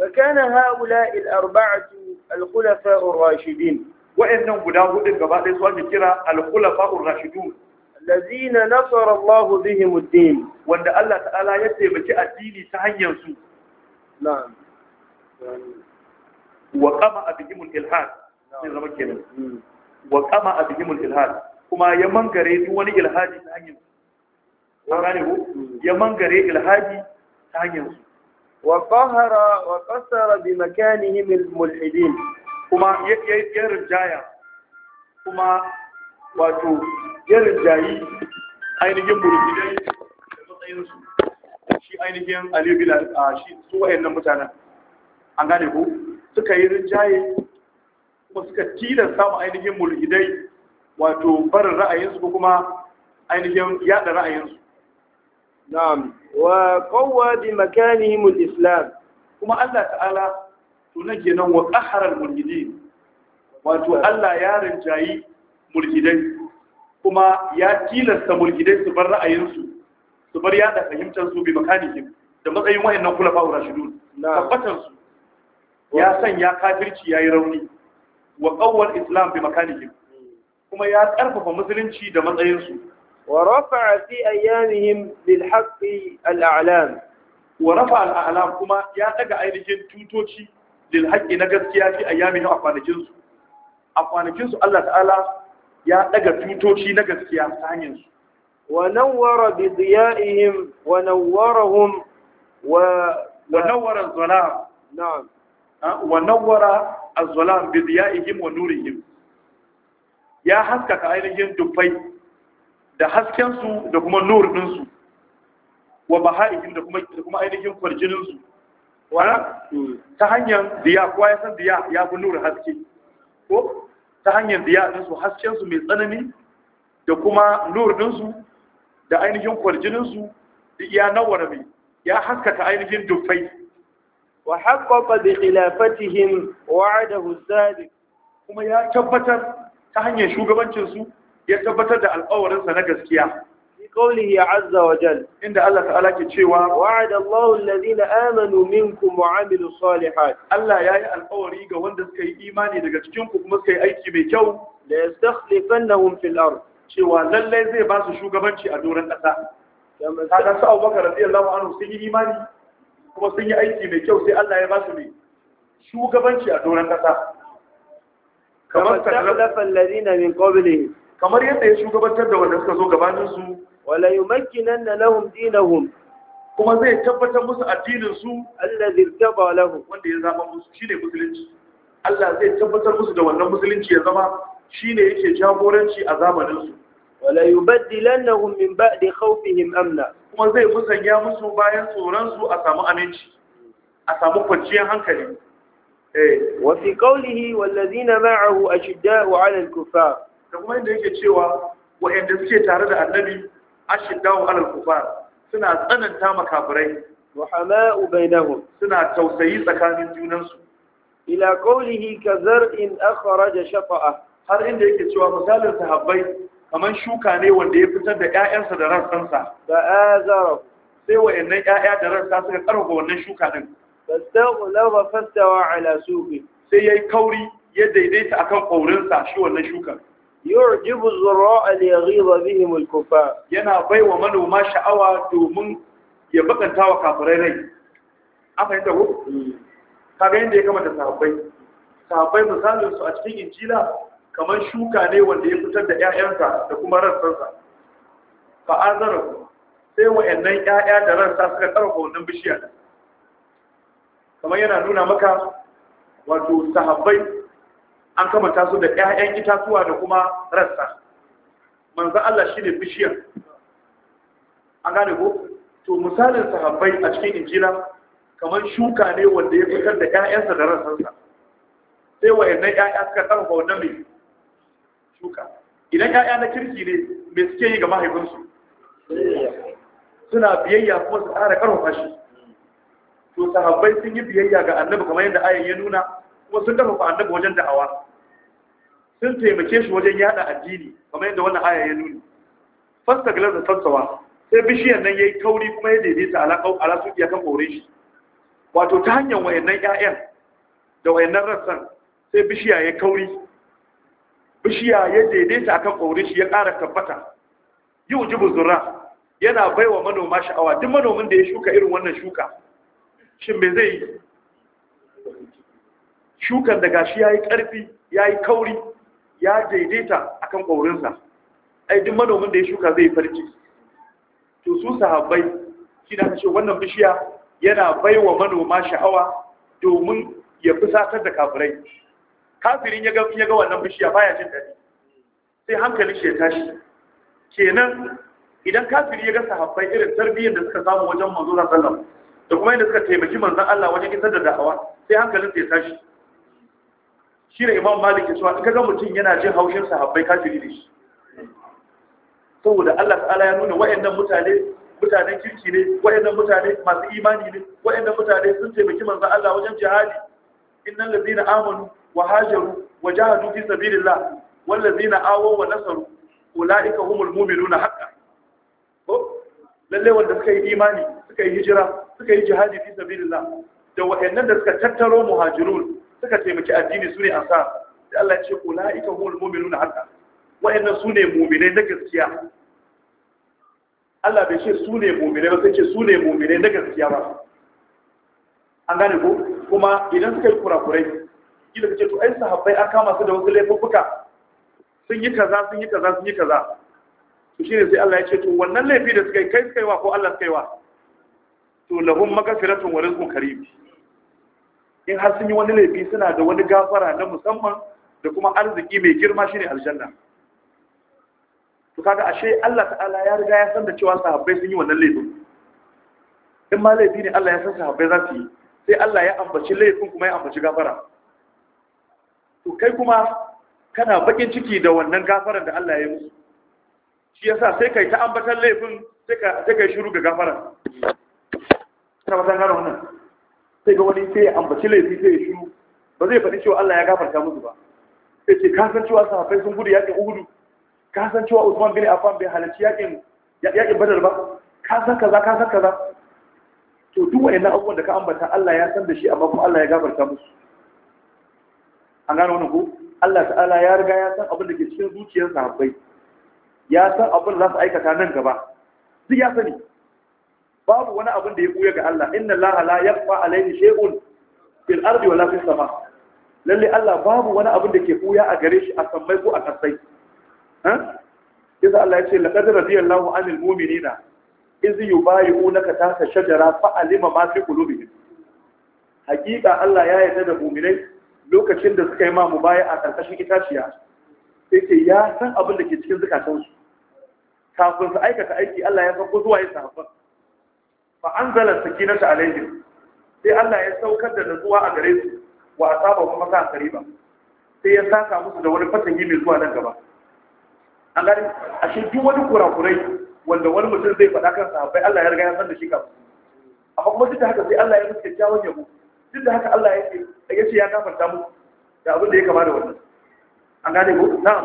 fa kana haula al-arba'atu al-khulafa ar-rashidin wa'annan guda hudun gaba ɗaya su ake kira al-khulafa ar-rashidun allazina nasara Allahu bihim ad-din wanda Allah ta'ala ya taimaki addini ta hanyar su na'am wa qama abihim al-ilhad sai zama kenan wa qama abihim al-ilhad kuma ya mangare duk wani ilhadi ta hanyar su an gane ku ya mangare ilhadi ta hanyar su wa qahara wa qasara bi makanihim al kuma ya rijaya kuma wato ya rijayi ainihin mulhidai da matsayin su shi ainihin aliyu bilal a shi su wayannan mutanen an gane ko suka yi rijaye kuma suka tilasta mu ainihin mulhidai wato barin ra'ayinsu ko kuma ainihin yada ra'ayinsu na'am wa qawwa bi makanihim al-islam kuma Allah ta'ala to nake nan wa qahara al-mulhidin wato Allah ya rinjayi mulhidai kuma ya tilasta mulhidai su bar ra'ayinsu su bar yada fahimtar su bi makanihim da matsayin wayannan kulafa urashidun tabbatar su ya sanya kafirci yayi rauni wa qawwa islam bi makanihim hmm. kuma ya ƙarfafa musulunci da matsayinsu ورفع في أيامهم بالحق الأعلام ورفع الأعلام كما يأتقى أيرجين توتوشي للحق نقسيا في أيامهم أفان جنسو أفان جنسو الله تعالى يأتقى توتوشي نقسيا سانينسو ونور بضيائهم ونورهم و... ونور الظلام نعم ونور الظلام بضيائهم ونورهم يا حسكك أيرجين دفين da haskensu da kuma nur wa baha'ihim da kuma da kuma ainihin kwarjinin su wala ta hanyar diya ya ya san diya ya fi nur haske ko ta hanyar diya hasken haskensu mai tsanani da kuma nur su da ainihin kwarjinin su iya nawara mai ya haskaka ainihin dufai wa haqqaqa bi khilafatihim wa'adahu zalik kuma ya tabbatar ta hanyar shugabancin su ya tabbatar da alƙawarinsa na gaskiya قوله عز وجل إن الله تعالى كتشوا وعد الله الذين آمنوا منكم وعملوا الصالحات الله يا القوري ga wanda suka yi imani daga cikinku kuma suka yi aiki mai kyau la yastakhlifannahum fil ard cewa lalle zai ba su shugabanci a doron kasa kaga su Abubakar radiyallahu anhu sun yi imani kuma sun yi aiki mai kyau sai Allah ya ba su mai shugabanci a doron kasa kamar takhlafa alladhina min qablihim kamar yadda ya shugabantar da wanda suka zo Wala yi makinan na lahun dinahun kuma zai tabbatar musu addininsu. Allah zai taba lahun wanda ya zama musu shi ne musulunci Allah zai tabbatar musu da wannan musulunci ya zama shi ne yake jagoranci a zamaninsu. zamanin su wala yubaddilannahum min ba'di yin amna kuma zai musanya musu bayan tsoron su a samu aminci a samu kwanciyar hankali eh. Wafi kaulihi fi qawlihi wallazina ma'ahu shidda wa al kufar da kuma inda yake cewa wa'anda suke tare da annabi ashiddaw alal kufar suna tsananta makafirai rahama'u bainahum suna tausayi tsakanin junansu ila qawlihi kazar'in akhraja shafa'a. har inda yake cewa misalin sahabbai kaman shuka ne wanda ya fitar da ƴaƴansa da rassansa ba azara sai wa'annan ƴaƴa da rassa suka karfafa wannan shuka din fastaghlaba fastawa ala suqi sai yayi kauri ya daidaita akan kaurinsa shi wannan shukan yu'jibu zuraa li yaghiba bihim al-kuffar yana baiwa manoma sha'awa domin ya bakanta wa kafirai rai an fahimta ko hmm. ga yadda ya kamata sahabbai sahabbai misalin su a cikin injila kamar shuka ne wanda ya fitar da ƴaƴansa da kuma rassansa fa azara sai wa'annan ƴaƴa da rassa suka karɓo wannan bishiya kamar yana nuna maka wato sahabbai an kama su da ƴaƴan itatuwa da kuma rassa manzo Allah shine bishiyar an gane ko to misalin sahabbai a cikin injila kamar shuka ne wanda ya fitar da ƴaƴansa da rassansa sai wayannan ƴaƴa suka karfa wannan mai shuka idan ƴaƴa na kirki ne me suke yi ga mahaifinsu suna biyayya kuma su ƙara karfafa shi to sahabbai sun yi biyayya ga annabi kamar yadda ayan ya nuna kuma sun karfafa annabi wajen da'awa sun taimake shi wajen yada addini kamar yadda wannan aya ya nuni fasta galar da sassawa sai bishiyar nan ya yi kauri kuma ya daidaita alaƙa iya kan kore shi wato ta hanyar wayannan 'ya'yan da wayannan rassan sai bishiya ya kauri bishiya ya daidaita akan kore shi ya ƙara tabbata yi wuji buzura yana bai wa manoma sha'awa duk manomin da ya shuka irin wannan shuka shin me zai yi shukan da gashi ya yi ƙarfi ya yi kauri ya daidaita akan ƙaurinsa ai duk manomin da ya shuka zai farki to su sahabbai shi na wannan bishiya yana baiwa manoma sha'awa domin ya fi satar da kafirai kafirin ya ga ya ga wannan bishiya baya jin daɗi sai hankalin shi ya tashi kenan idan kafiri ya ga sahabbai irin tarbiyyar da suka samu wajen manzo sallallahu alaihi wasallam da kuma yadda suka taimaki manzon Allah wajen isar da da'awa sai hankalin sa ya tashi shi ne imam malik ya cewa in kaga mutum yana jin haushin sahabbai kafiri ne shi saboda Allah ta'ala ya nuna wayannan mutane mutanen kirki ne wayannan mutane masu imani ne wayannan mutane sun taimaki manzon Allah wajen jihadi innal ladina amanu wa hajaru wa jahadu fi sabilillah wal ladina awaw wa nasaru ulaika humul mu'minuna haqqan ko lalle wanda suka yi imani suka yi hijira suka yi jihadi fi sabilillah da wayannan da suka tattaro muhajirun suka taimaki addini su ne ansar da Allah ce ula'ika humul mu'minuna haqqa wa'annan su ne mu'minai na gaskiya Allah bai ce su ne mu'minai ba sai ce su ne mu'minai na gaskiya ba an gane ko kuma idan suka yi kurakurai kila kace to ai sahabbai an kama su da wasu laifuka sun yi kaza sun yi kaza sun yi kaza to shine sai Allah ya ce to wannan laifi da suka yi kai suka yi wa ko Allah suka yi wa to lahum magfiratun wa rizqun karim in har sun yi wani laifi suna da wani gafara na musamman da kuma arziki mai girma shi ne aljanna to kaga ashe Allah ta'ala ya riga ya san da cewa sahabbai sun yi wannan laifin in ma laifi ne Allah ya san sahabbai za su yi sai Allah ya ambaci laifin kuma ya ambaci gafara to kai kuma kana bakin ciki da wannan gafaran da Allah ya yi musu shi ya sa sai kai ta ambatan laifin sai kai shiru ga gafaran kana ba gano wannan sai ga wani sai ya ambaci laifi sai ya shiru ba zai faɗi cewa Allah ya gafarta musu ba sai ce ka san cewa sahabbai sun gudu yaƙin Uhud ka san cewa Usman bin Affan bai halarci yaƙin yaƙin Badar ba ka san kaza ka san kaza to duk wayannan abubuwan da ka ambata Allah ya san da shi amma kuma Allah ya gafarta musu an gano wannan ko Allah ta'ala ya riga ya san abin da ke cikin zuciyar sahabbai ya san abin da za su aikata nan gaba duk ya sani babu wani abin da ya buya ga Allah inna Allah la yaqfa alayhi shay'un fil ardi wala fis sama lalle Allah babu wani abin da ke buya a gare shi a sammai ko a kasai ha yasa Allah ya ce laqad radiyallahu anil mu'minina iz yubayi'unaka tahta shajara fa alima ma fi qulubihim hakika Allah ya yarda da mu'minai lokacin da suka yi ma a karkashin itaciya sai ce ya san abin da ke cikin zukatansu kafin su aikata aiki Allah ya san ko zuwa yin sahabban fa anzala sakinata alaihim sai Allah ya saukar da nutsuwa a gare su wa asaba kuma ka kariba sai ya saka musu da wani fatan yi mai zuwa nan gaba an gani ashe duk wani kurakurai wanda wani mutum zai faɗa kan sahabbai Allah ya riga ya san da shi kafin amma kuma duk da haka sai Allah ya musu kyakkyawan yabo duk da haka Allah ya ce ya ce ya gafarta mu da abin da ya kama da wannan an gane ko na'am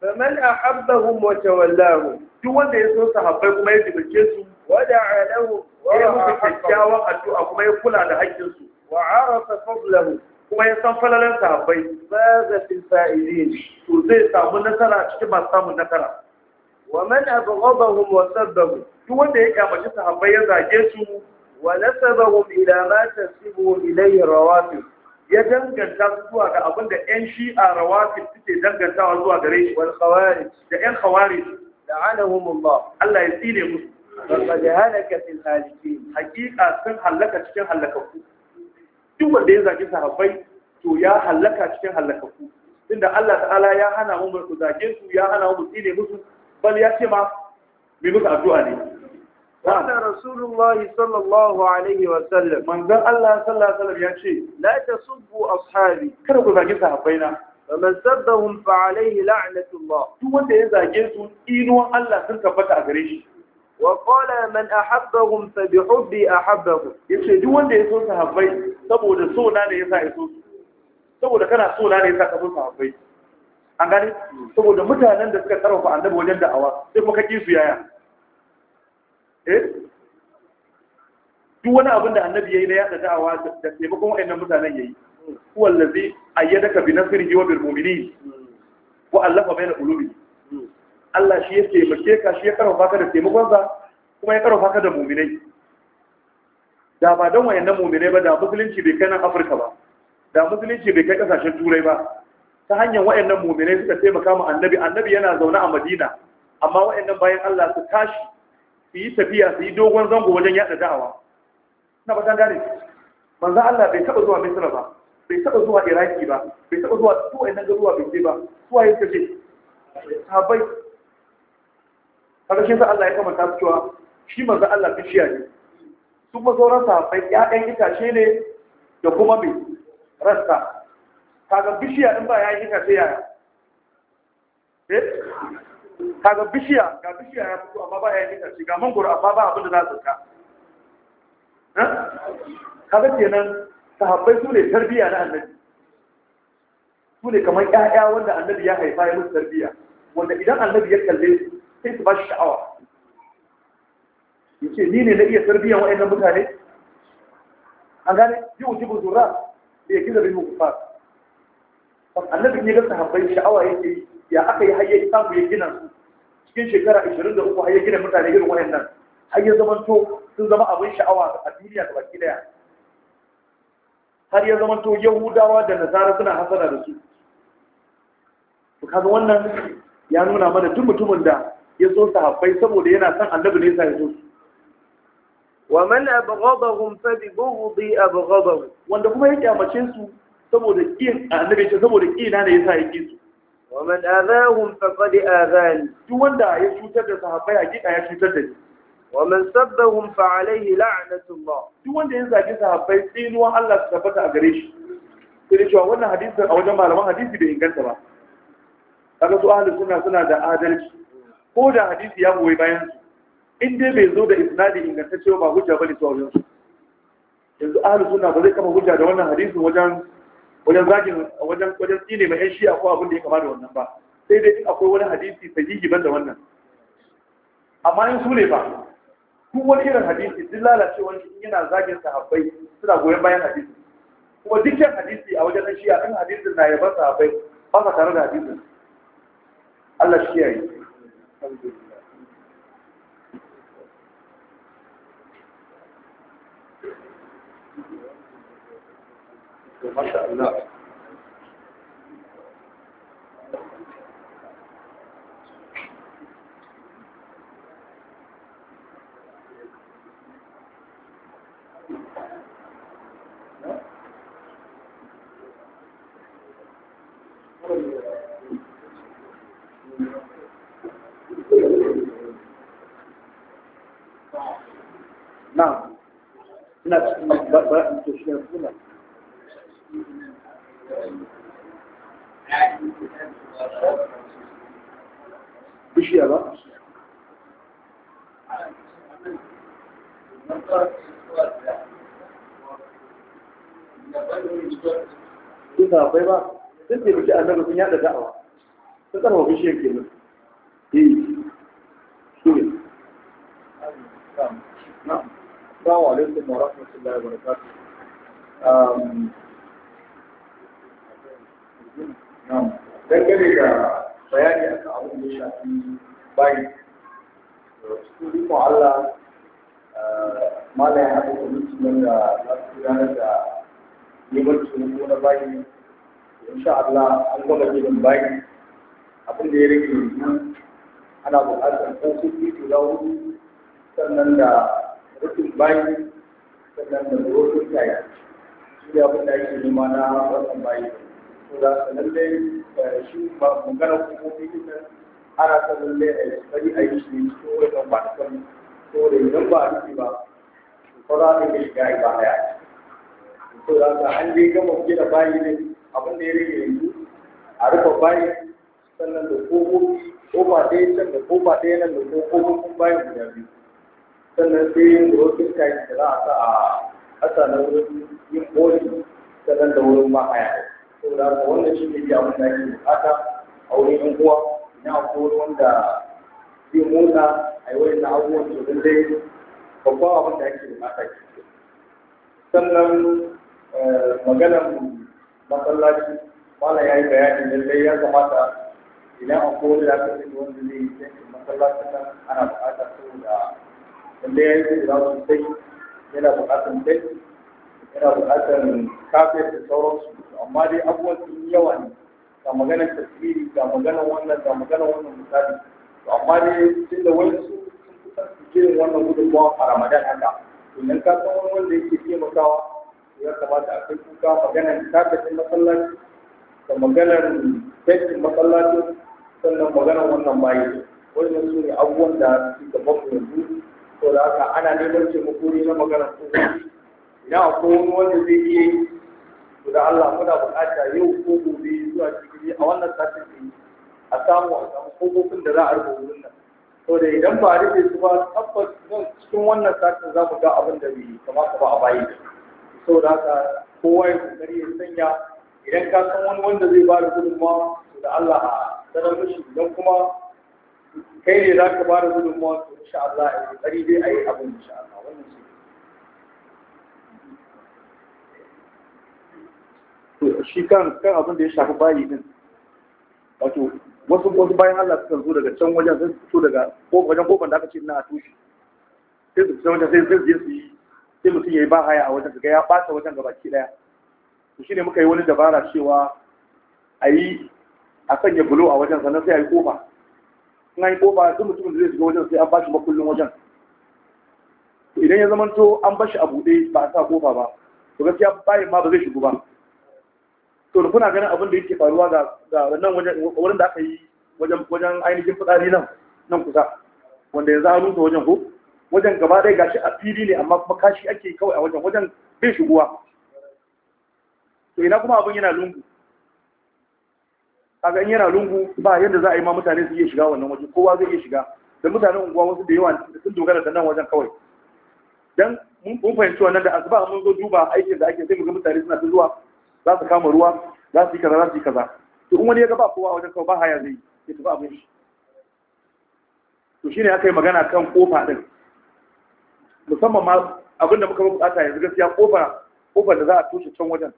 faman ahabbahum wa tawallahum duk wanda ya so sahabbai kuma ya jibace su ودعا ya musu kyakkyawan addu'a kuma ya kula da haƙƙinsu wa arafa fadlahu kuma ya san falalan sahabbai zaza fil fa'ilin to zai samu nasara cikin masu samun nasara wa man abghadahum wa sabbahu duk wanda ya kyamaci sahabbai ya zage su wa nasabahum ila ma tasibu ilayhi rawatib ya danganta zuwa ga abinda 'yan ƴan shi'a rawatib suke dangantawa zuwa gare shi wal khawarij da ƴan khawarij la'anahum Allah Allah ya tsine musu Faƙad halaka fil halikin Hakika sun halaka cikin halakaku duk wanda ya zagi sahabbai to ya halaka cikin halakaku tunda Allah ta'ala ya hana mu mu zage su ya hana mu tsine musu bal ya ce ma mu musu addu'a ne Wanda Rasulullah sallallahu alaihi wa sallam manzon Allah sallallahu alaihi wa sallam ya ce la tasubbu ashabi kada ku zage sahabbai na faman sabbahum fa alaihi la'natullah duk wanda ya zage su inuwan Allah sun tabbata a gare shi wa kola man ahabbahum fa bihubbi ahabbahum yace duk wanda ya so sahabbai saboda so na ne yasa ya so su saboda kana so na ne yasa ka so sahabbai an gani saboda mutanen da suka karfafa annabi wajen da'awa sai kuma kake su yaya eh duk wani abin da annabi yayi na yada da'awa da taimakon wayannan mutanen yayi huwa allazi ayyadaka bi nasrihi wa bil mu'minin wa allafa baina qulubihim Allah shi ya taimake ka shi ya karfafa ka da taimakonsa kuma ya karfafa ka da muminai da ba don wayannan muminai ba da musulunci bai kai nan Afirka ba da musulunci bai kai kasashen turai ba ta hanyar wayannan muminai suka taimaka mu annabi annabi yana zaune a Madina amma wayannan bayan Allah su tashi su yi tafiya su yi dogon zango wajen yada da'awa na ba ta gane manzo Allah bai taba zuwa Misra ba bai taba zuwa Iraki ba bai taba zuwa su wayannan garuruwa bai je ba su waye suka je sabai ƙarshen shi sa Allah ya kamata su cewa shi manzo Allah bishiya ne su kuma sauran sahabbai ƴaƴan itace ne da kuma me rasta kaga bishiya din ba ya yi itace yaya eh kaga bishiya ga bishiya ya fito amma ba ya yi itace ga mangoro amma ba abin da za su ka eh? kaga kenan sahabbai su ne tarbiyya na annabi su ne kamar ƴaƴa wanda annabi ya haifa ya musu tarbiyya wanda idan annabi ya kalle su sai su ba shi sha'awa ya ce ni ne na iya tarbiyyar wa'annan mutane an gane yi wuce buzura da ya kiza bin hukufa annabin ya ga sahabbai sha'awa yake yi. ya aka yi hayyar samu ya gina su cikin shekara 23 hayyar gina mutane irin wa'annan har ya zamanto sun zama abin sha'awa a duniya ga baki daya har ya zamanto yahudawa da nasara suna hasara da su to kaga wannan ya nuna mana duk mutumin da ya so sahabbai saboda yana son annabi ne sa ya so wa man abghadahum fa bi bughdi abghadahum wanda kuma ya kyamace su saboda kin annabi ce saboda kina ne yasa ya ki su wa man adahum fa qad adani duk wanda ya cutar da sahabbai hakika ya cutar da ni wa man sabbahum fa alayhi la'natullah duk wanda ya zage sahabbai tsinuwa Allah ta tabbata a gare shi sai cewa wannan hadisin a wajen malaman hadisi bai inganta ba kaga su ahli sunna suna da adalci ko da hadisi ya goyi bayan su in dai bai zo da isnadi cewa ba hujja bane su wajen su yanzu ahlus sunna ba zai kama hujja da wannan hadisi wajen wajen zagin wajen wajen tsine mai shi a ko abin da ya kama da wannan ba sai dai in akwai wani hadisi sahihi ban da wannan amma in su ne ba duk wani irin hadisi duk lalacewar in yana zagin sahabbai suna goyon bayan hadisi kuma dukkan hadisi a wajen shi'a ɗin hadisin na yaban sahabbai ba sa tare da hadisin Allah shi yayi da Allah. ina cikin ba ba to shi ne kuma bishiya ba Ina akwai ba, sun ce biki annabi sun yada da'awa, sun karfa bishiyar kenan. yi eh, shi ne. Na'am. السلام عليكم ورحمة الله وبركاته نعم dangane da bayani a kan abin da ya shafi bayi su riko Allah uh, mala ya haɗa kwamiti nan da za su gudanar da neman taimako na bayi insha Allah an gama gidan bayi abin da ya rage ana buƙatar ko su fito da hudu sannan da rufin bayi sannan da rufin kayi shi da abin da nema na wannan bayi to za su lalle eh, shi ba magana hukumomi duka ana ta lalle a yi bari a yi shi ne ko wai ban ba ta kan ko da idan ba a rufe ba ko za a yi gaya. ba za ka an je gama gina bayi ne abin da ya rage yanzu a rufe bayi sannan da kofofi kofa ɗaya can da kofa ɗaya nan da kofofin bayan guda biyu sannan sai yin rokin kayan da za a sa a ƙasa na wurin yin boli sannan da wurin mahaya saboda haka wannan shi ne biya abin da ake bukata a wurin yan uwa ina akwai wanda zai motsa a yi wani na abubuwan to don dai babban abin da ake bukata ke sannan eh, maganan masallaci malam ya yi bayani da dai ya kamata idan akwai wani da aka wanda zai yi masallacin nan ana bukata saboda wanda ya yi kura sosai yana buƙatar dai yana buƙatar kafin da sauransu amma dai abubuwan sun yi yawa ne ga maganar tasiri ga maganar wannan ga maganar wannan misali amma dai tun da wani su sun kusan su wannan gudunmawa a ramadan haka nan ka san wani wanda yake taimakawa ya kamata a kai kuka maganar kafin masallaci da maganar festin masallacin sannan maganar wannan bayi wannan su ne abubuwan da suke gaban yanzu to da haka ana neman taimako ne na magana tsofaffi idan akwai wani wanda zai iya yi to da Allah muna bukata yau ko gobe zuwa cikin a wannan satin ne a samu a samu kofofin da za a rufe wurin nan to da idan ba a rufe su ba tabbas nan cikin wannan satin za mu ga abin da bai kamata ba a bayi da haka kowa ya kokari ya sanya idan ka san wani wanda zai ba da gudunmawa da Allah a sanar mishi idan kuma kai ne za ka ba da gudunmawa to insha Allah yi tsari dai a yi abin insha Allah wannan shi to shi kan kan abin da ya shafi bayi din wato wasu wasu bayan Allah suka zo daga can wajen sun fito daga wajen kofar da aka ce na tushe sai su fita wajen sai zai je su yi sai mutum ya yi ba haya a wajen ga ya ɓata wajen gabaki ɗaya to ne muka yi wani dabara cewa a yi a sanya bulo a wajen sannan sai a yi kofa in ko ba su mutumin da zai shiga wajen sai an bashi makullin wajen idan ya zama to an bashi a buɗe ba a sa kofa ba to gaskiya bayan ma ba zai shigo ba to kuna ganin abin da yake faruwa ga nan wajen wurin da aka yi wajen wajen ainihin fitsari nan nan kusa wanda yanzu an rufe wajen ko wajen gaba ɗaya gashi a fili ne amma kuma kashi ake kawai a wajen wajen bai shigowa to ina kuma abin yana lungu kaga in yana lungu ba yadda za a yi ma mutane su iya shiga wannan waje kowa zai iya shiga da mutanen unguwa wasu da yawa sun dogara da nan wajen kawai dan mun fahimci wannan da asuba mun zo duba aikin da ake sai mu ga mutane suna ta zuwa za su kama ruwa za su yi kaza za su yi kaza to in wani ya ga ba kowa wajen kawai ba haya zai ya tafi abin shi to shine aka yi magana kan kofa din musamman ma abinda muka fi bukata yanzu gaskiya kofa kofar da za a toshe can wajen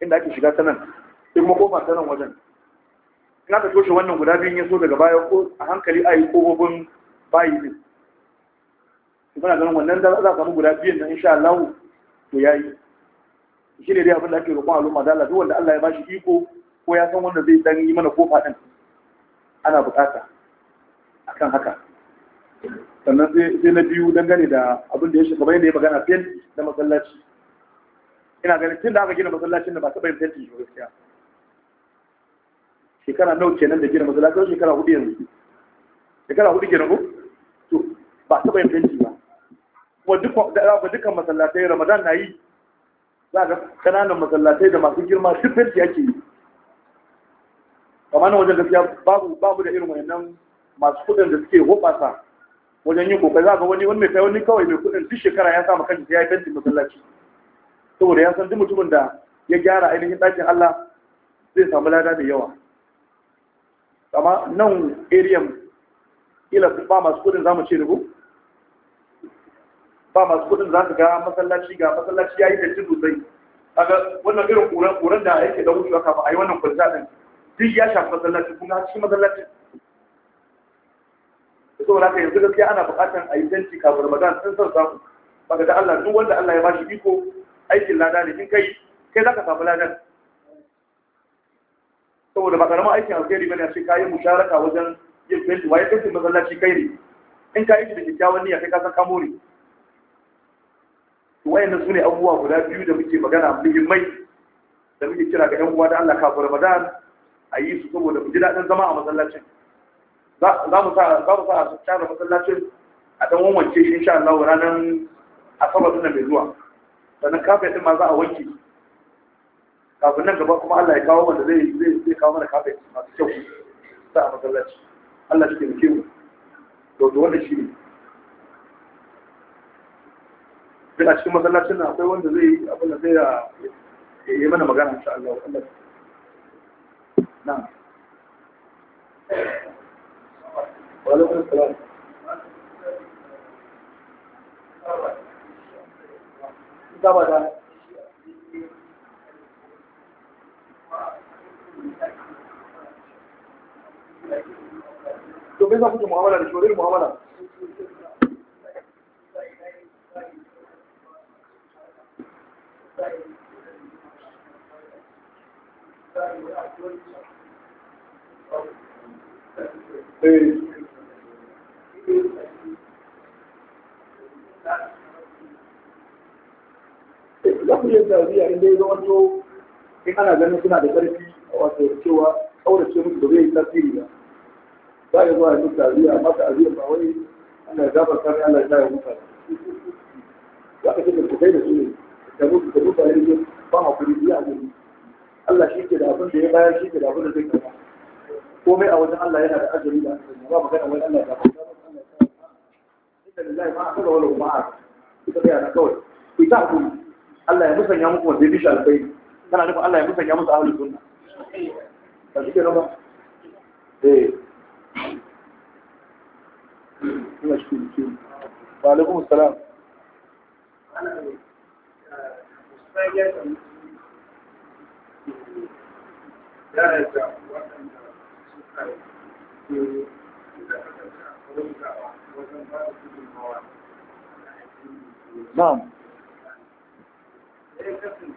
inda ake shiga ta nan sai kuma kofa ta nan wajen ya ka toshe wannan guda biyun ya so daga baya ko a hankali a yi kogogon bayi ne su kana ganin wannan da za a samu guda biyun nan insha Allah to ya yi shi ne dai abin da ake roƙon al'umma da Allah duk wanda Allah ya bashi iko ko ya san wanda zai dan yi mana kofa din ana buƙata akan haka sannan sai na biyu dangane da abin da ya shiga bayan da ya magana fiye da masallaci ina ganin tun da aka gina masallacin da ba taɓa yin fenti gaskiya shekara nawa kenan da gina masallaci shekara hudu yanzu shekara hudu kenan ko to ba taba yin fenti ba kuma dukkan masallatai ramadan na yi za ga kananan masallatai da masu girma duk fenti ake yi kamar na wajen gaskiya babu babu da irin wayannan masu kudin da suke hoɓasa wajen yin kokai za ga wani wani mai kai wani kawai mai kudin duk shekara ya sama kanshi ya yi fenti masallaci saboda ya san duk mutumin da ya gyara ainihin ɗakin Allah zai samu lada da yawa amma nan ariyan ila ba masu kudin za mu ce rubu ba masu kudin za su ga masallaci ga masallaci ya yi da tudu zai aga wannan irin ƙuran da yake da wucewa kafin a yi wannan kwalta ɗin duk ya shafi masallaci kuma cikin masallaci saboda haka yanzu gaskiya ana buƙatar a yi zanci kafin ramadan sun san samu baka da Allah duk wanda Allah ya bashi iko aikin lada ne in kai kai za ka samu ladan saboda ba karamin aikin alkhairi bane a ce musharaka wajen yin fenti waye fenti masallaci kai ne in ka yi shi da kyakkyawan niyya kai ka san kamo ne wayannan su ne abubuwa guda biyu da muke magana muhimmai da muke kira ga yan uwa da Allah kafin Ramadan a yi su saboda mu ji daɗin zama a masallacin za mu sa za mu sa a tsara masallacin a dan wanwance shi insha Allah ranar asabar din mai zuwa sannan kafin din ma za a wanke kafin nan gaba kuma Allah ya kawo wanda zai zai kawo mana kafin masu kyau sa a masallaci Allah shi ke muke mu da wanda shi ne duk a cikin masallacin nan akwai wanda zai abin da zai yi mana magana insha Allah Allah na wa alaikum assalam sai za kuke mu'amala da shi wani mu'amala eh. Eh, za ku yi tarbiyya inda ya zama to in ana ganin suna da ƙarfi wato cewa ƙaurace musu da zai yi tasiri ba za ka zuwa duk ta'aziyya amma ta'aziyya ba wai ana gabar kare Allah ya yi mutane za ka ce da da su ne da mutu da mutane ne ba hakuri biya ne Allah shi ke da abin da ya bayar shi ke da abin da zai karba komai a wajen Allah yana da ajali da ba magana wani Allah ya kawai ta Allah ya musanya muku wanda ya bi shi kana nufin Allah ya musanya musu ahlus sunna ba shi ke nan ba eh wa alaikum salam Na'am. Ya kasance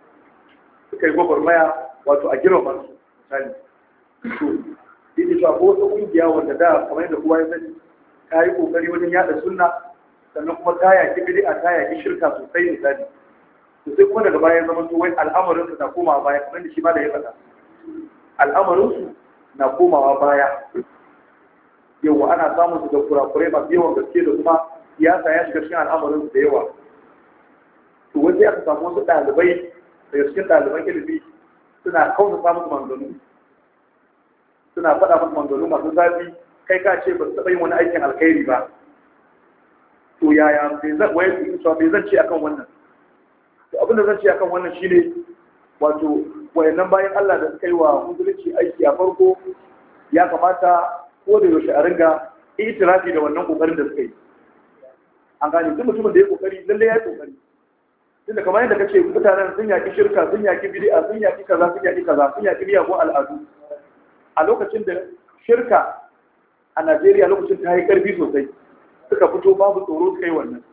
suka yi gwagwarmaya wato a girma su misali to yake cewa ko wata kungiya wanda da kamar da kowa ya sani Ka yi kokari wajen yada sunna sannan kuma ta yaki a ta yaki shirka sosai misali to sai kuma daga baya zama to wai al'amarin su na komawa baya kamar da shi ma da ya faɗa al'amarin su na komawa baya yawa ana samun su da kurakurai masu yawan gaske da kuma siyasa ya shiga cikin al'amarin su da yawa to wajen ya samu wasu ɗalibai daga cikin ɗaliban ilimi suna kausa musu manzanni suna faɗa musu manzanni masu zafi kai ka ce ba su taɓa yin wani aikin alkhairi ba to yaya bai zan ce akan wannan to abin da zan ce akan wannan shine wato wayannan bayan Allah da suka yi wa musulunci aiki a farko ya kamata ko da yaushe a ringa itirafi da wannan kokarin da suka yi an gane duk mutumin da ya kokari lallai ya yi kokari inda kamar yadda kace mutanen sun yaki shirka sun yaki bid'a sun yaki kaza sun yaki kaza sun yaki miyagun al'adu a lokacin da shirka a Najeriya lokacin ta yi karfi sosai suka fito babu tsoro suka yi wannan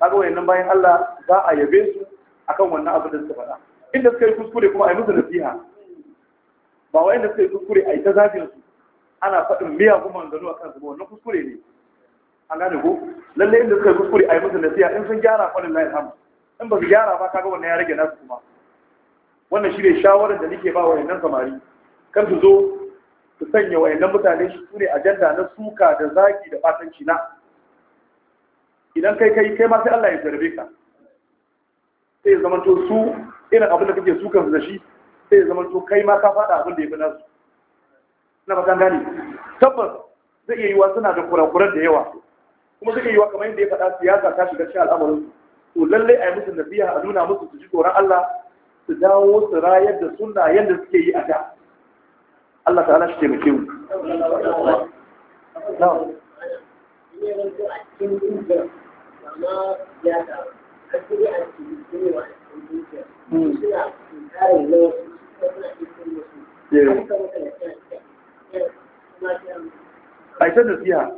kaga wayannan bayan Allah za a yabe su akan wannan abin da suka faɗa inda suka yi kuskure kuma ai musu nasiha ba wa inda suka yi kuskure ai ta zafin su ana faɗin miya kuma a kansu ba wannan kuskure ne an gane ko lallai inda suka yi kuskure ai musu nasiha in sun gyara kwanin layin hamu in ba su gyara ba kaga wannan ya rage nasu kuma wannan shi ne shawarar da nake ba wayannan samari kan su zo su sanya wayannan mutane shi su ne ajanda na suka da zaki da fatanci na idan kai kai kai ma sai Allah ya zarbe ka sai zama to su irin abin da kake sukan da shi sai zama to kai ma ka fada abin da ya fi nasu na ba gani tabbas zai iya yiwa suna da kurakuran da yawa kuma zai iya yiwa kamar yadda ya faɗa siyasa ta shiga cikin al'amarin su to lalle a yi musu nasiha a nuna musu su ji tsoron Allah su dawo su rayar da sunna yadda suke yi a da Allah ta'ala shi taimake mu da hmm. eh. nasiha,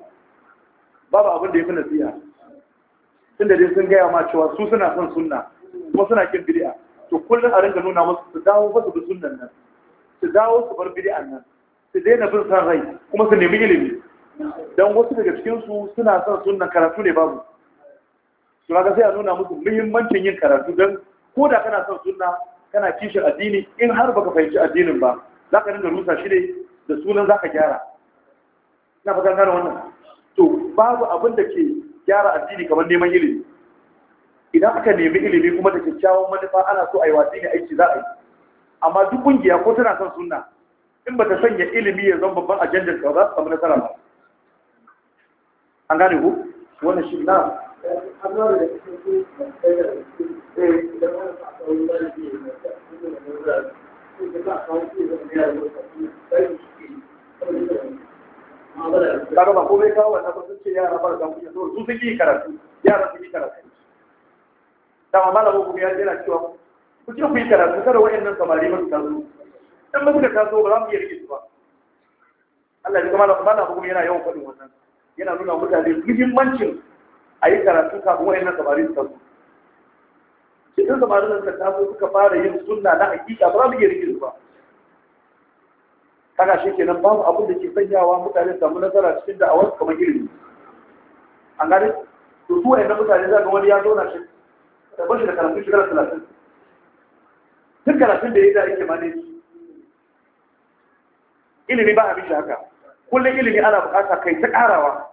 babu abin da ya fi nasiha. tunda da dai sun gaya ma cewa su suna son sunna kuma suna kin bid'a to kullum a ringa nuna musu su dawo fa su bi sunnan nan su dawo su bar bid'an nan su daina bin san rai kuma su nemi ilimi dan wasu daga cikin su suna son sunnan karatu ne babu su ga sai a nuna musu muhimmancin yin karatu dan ko da kana son sunna kana kishin addini in har baka fahimci addinin ba zaka dinga rusa shi ne da sunan zaka gyara ina fatan gane wannan to babu abin da ke gyara addini kamar neman ilimi idan aka nemi ilimi kuma da kyakkyawan manufa ana so a yi watsi ne aiki za a yi amma duk kungiya ko tana son suna, in ba ta sanya ilimi ya zama babban ajandar ka ba su samu nasara ba an gane ku wannan shi na Thank you. kaga ba komai kawo wannan ba sun ce yara ba da kunya so su yi karatu yara sun suke karatu dama malamin kuma ya jira cewa ku ce ku yi karatu kada wayannan samari ba su taso in ba muka taso ba za mu iya rike su ba Allah ya kuma malamin kuma yana yawan faɗin wannan yana nuna mutane muhimmancin a yi karatu kafin wayannan samari su taso cikin samarin da ta taso suka fara yin sunna na hakika ba za mu iya rike su ba kaga shi kenan babu abin da ke sanyawa mutane samu nasara cikin da da'awar kamar ilimi an gani? to su wayannan mutane za ga wani ya zauna shi da bashi da karatun shekara talatin duk karatun da ya da yake ma ne ilimi ba abin shi haka kullum ilimi ana bukata kai ta karawa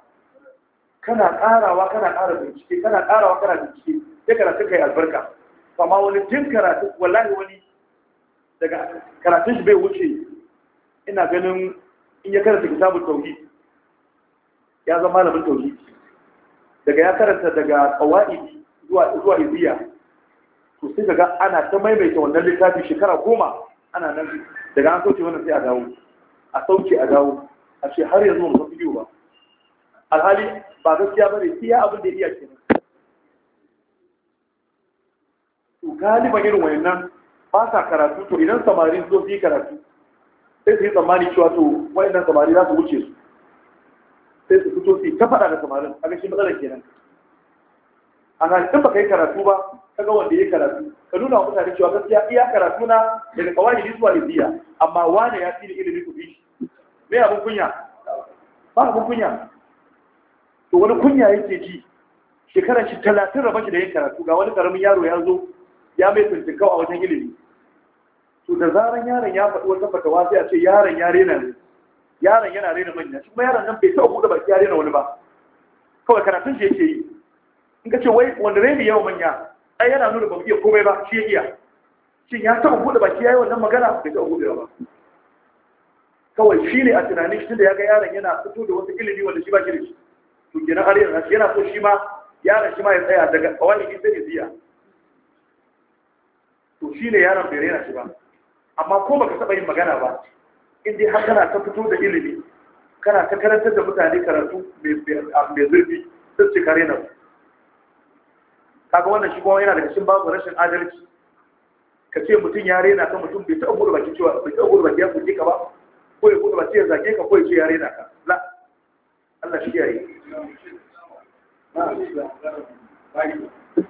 kana karawa kana kara bincike kana karawa kana bincike sai karatun kai albarka amma wani jin karatu wallahi wani daga karatun shi bai wuce ina ganin in ya karanta kitabun tauhid ya zama malamin tauhid daga ya karanta daga kawai zuwa zuwa ibiya to sai daga ana ta maimaita wannan littafi shekara goma ana nan daga an sauke wannan sai a dawo a sauke a dawo a ce har yanzu mun san biyo ba alhali ba gaskiya bane sai ya abin da iya kenan to galiban irin wayannan ba sa karatu to idan samari zo su yi karatu sai su yi tsammani cewa to waɗannan samari za su wuce su sai su fito su ta faɗa da samarin a gashi matsalar kenan a nan ba baka yi karatu ba ka ga wanda ya karatu ka nuna wa mutane cewa gaskiya iya karatu na daga kawai zuwa biya, amma wane ya fi da ilimi ku bi me abin kunya ba abin kunya to wani kunya yake ji shekarar shi talatin rabashi da yin karatu ga wani karamin yaro ya zo ya mai kawai a wajen ilimi to da zaran yaron ya faɗi wata fatawa sai a ce yaron ya rena ne yaron yana rena manya shi kuma yaron nan bai taɓa buɗe baki ya rena wani ba kawai karatun shi yake yi in ka ce wai wanda reni yawan manya ai yana nuna ba mu iya komai ba shi ya iya shin ya taɓa buɗe baki ya yi wannan magana bai taɓa buɗe ba kawai shi ne a tunanin shi da ya ga yaron yana fito da wata ilimi wanda shi ba shi da shi to kenan har shi yana so shi ma yaron shi ma ya tsaya daga wani ita ya ziya to shi ne yaron bai rena shi ba amma ko baka taba yin magana ba in dai har kana ta fito da ilimi kana ta karantar da mutane karatu mai zurfi sun ce kare na kaga wannan shi kuma yana daga cikin babu rashin adalci ka ce mutum ya rena ka mutum bai taɓa gudu baki cewa bai taɓa gudu baki ya kuke ka ba ko ya gudu baki ya zage ka ko ya ce ya rena ka la Allah shi ya yi Thank you.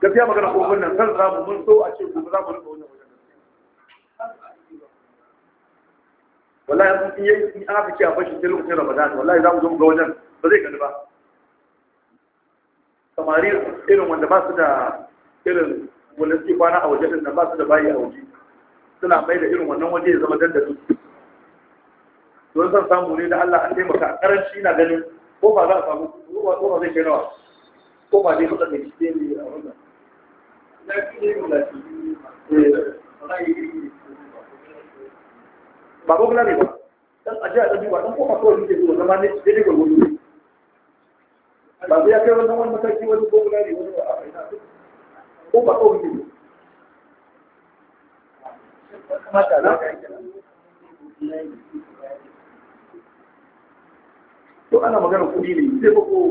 Gafiya magana kofin nan san zamu mun so a ce gobe za mu rika wannan wallahi in yi in aka ce a bashi sai lokacin ramadan wallahi za mu zo mu ga wajen ba zai gani ba samari irin wanda ba su da irin wanda suke kwana a waje nan ba su da bayi a waje suna mai da irin wannan waje ya zama dandalin to zan samu ne da Allah a taimaka a karanci na ganin ko ba za a samu ko ba zai kai nawa ko ba dai kuɗa da shi ne a wannan eh. ba ko kula ne ba dan aje a dabi ba dan ko ba ko ne zuwa zama ne dai dai gurgudu ne ba zai kai wannan wani mataki wani ko kula ne wani a ina ko ba ko ne kamata na to ana magana kudi ne sai ba ko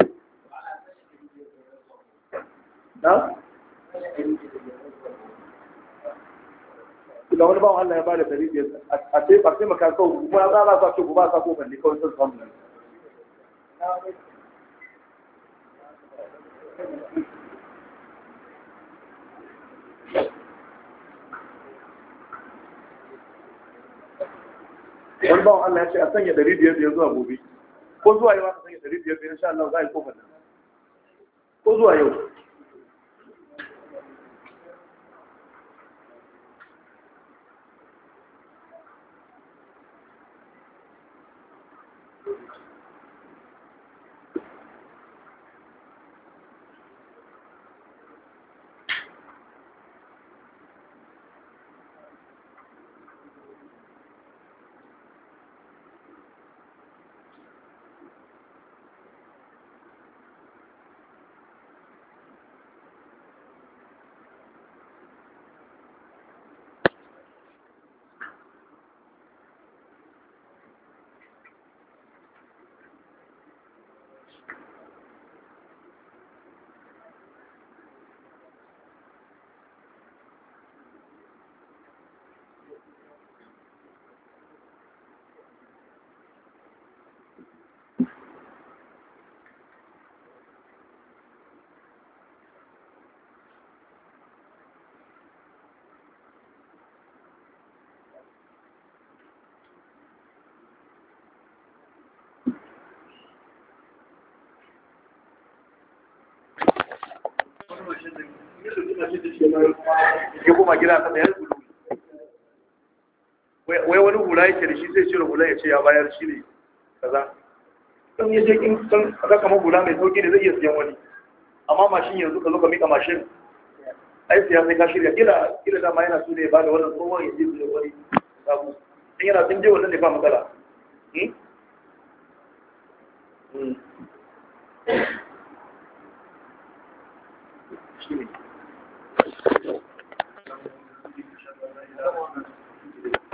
da wani bawan Allah ya bada dari biyar a sai ba sai maka kawo kuma za a sa ku ba sa ko balle kawai sun samu wani bawan Allah ya ce a sanya dari biyar biyar zuwa gobe ko zuwa yau aka sanya ɗari biyar biyar insha Allah za a yi kofar nan ko zuwa yau wai wani hula yake da shi zai da hula ya ce ya bayar shi ne kaza don yi je in san kama hula mai sauki da zai iya siyan wani amma mashin yanzu ka zo ka mika mashin ai siya sai ka shirya kila kila ma yana su ne ba da wannan tsohon ya ce da wani sabu in yana sun je wannan ne ba matsala hmm? Hmm. Thank you.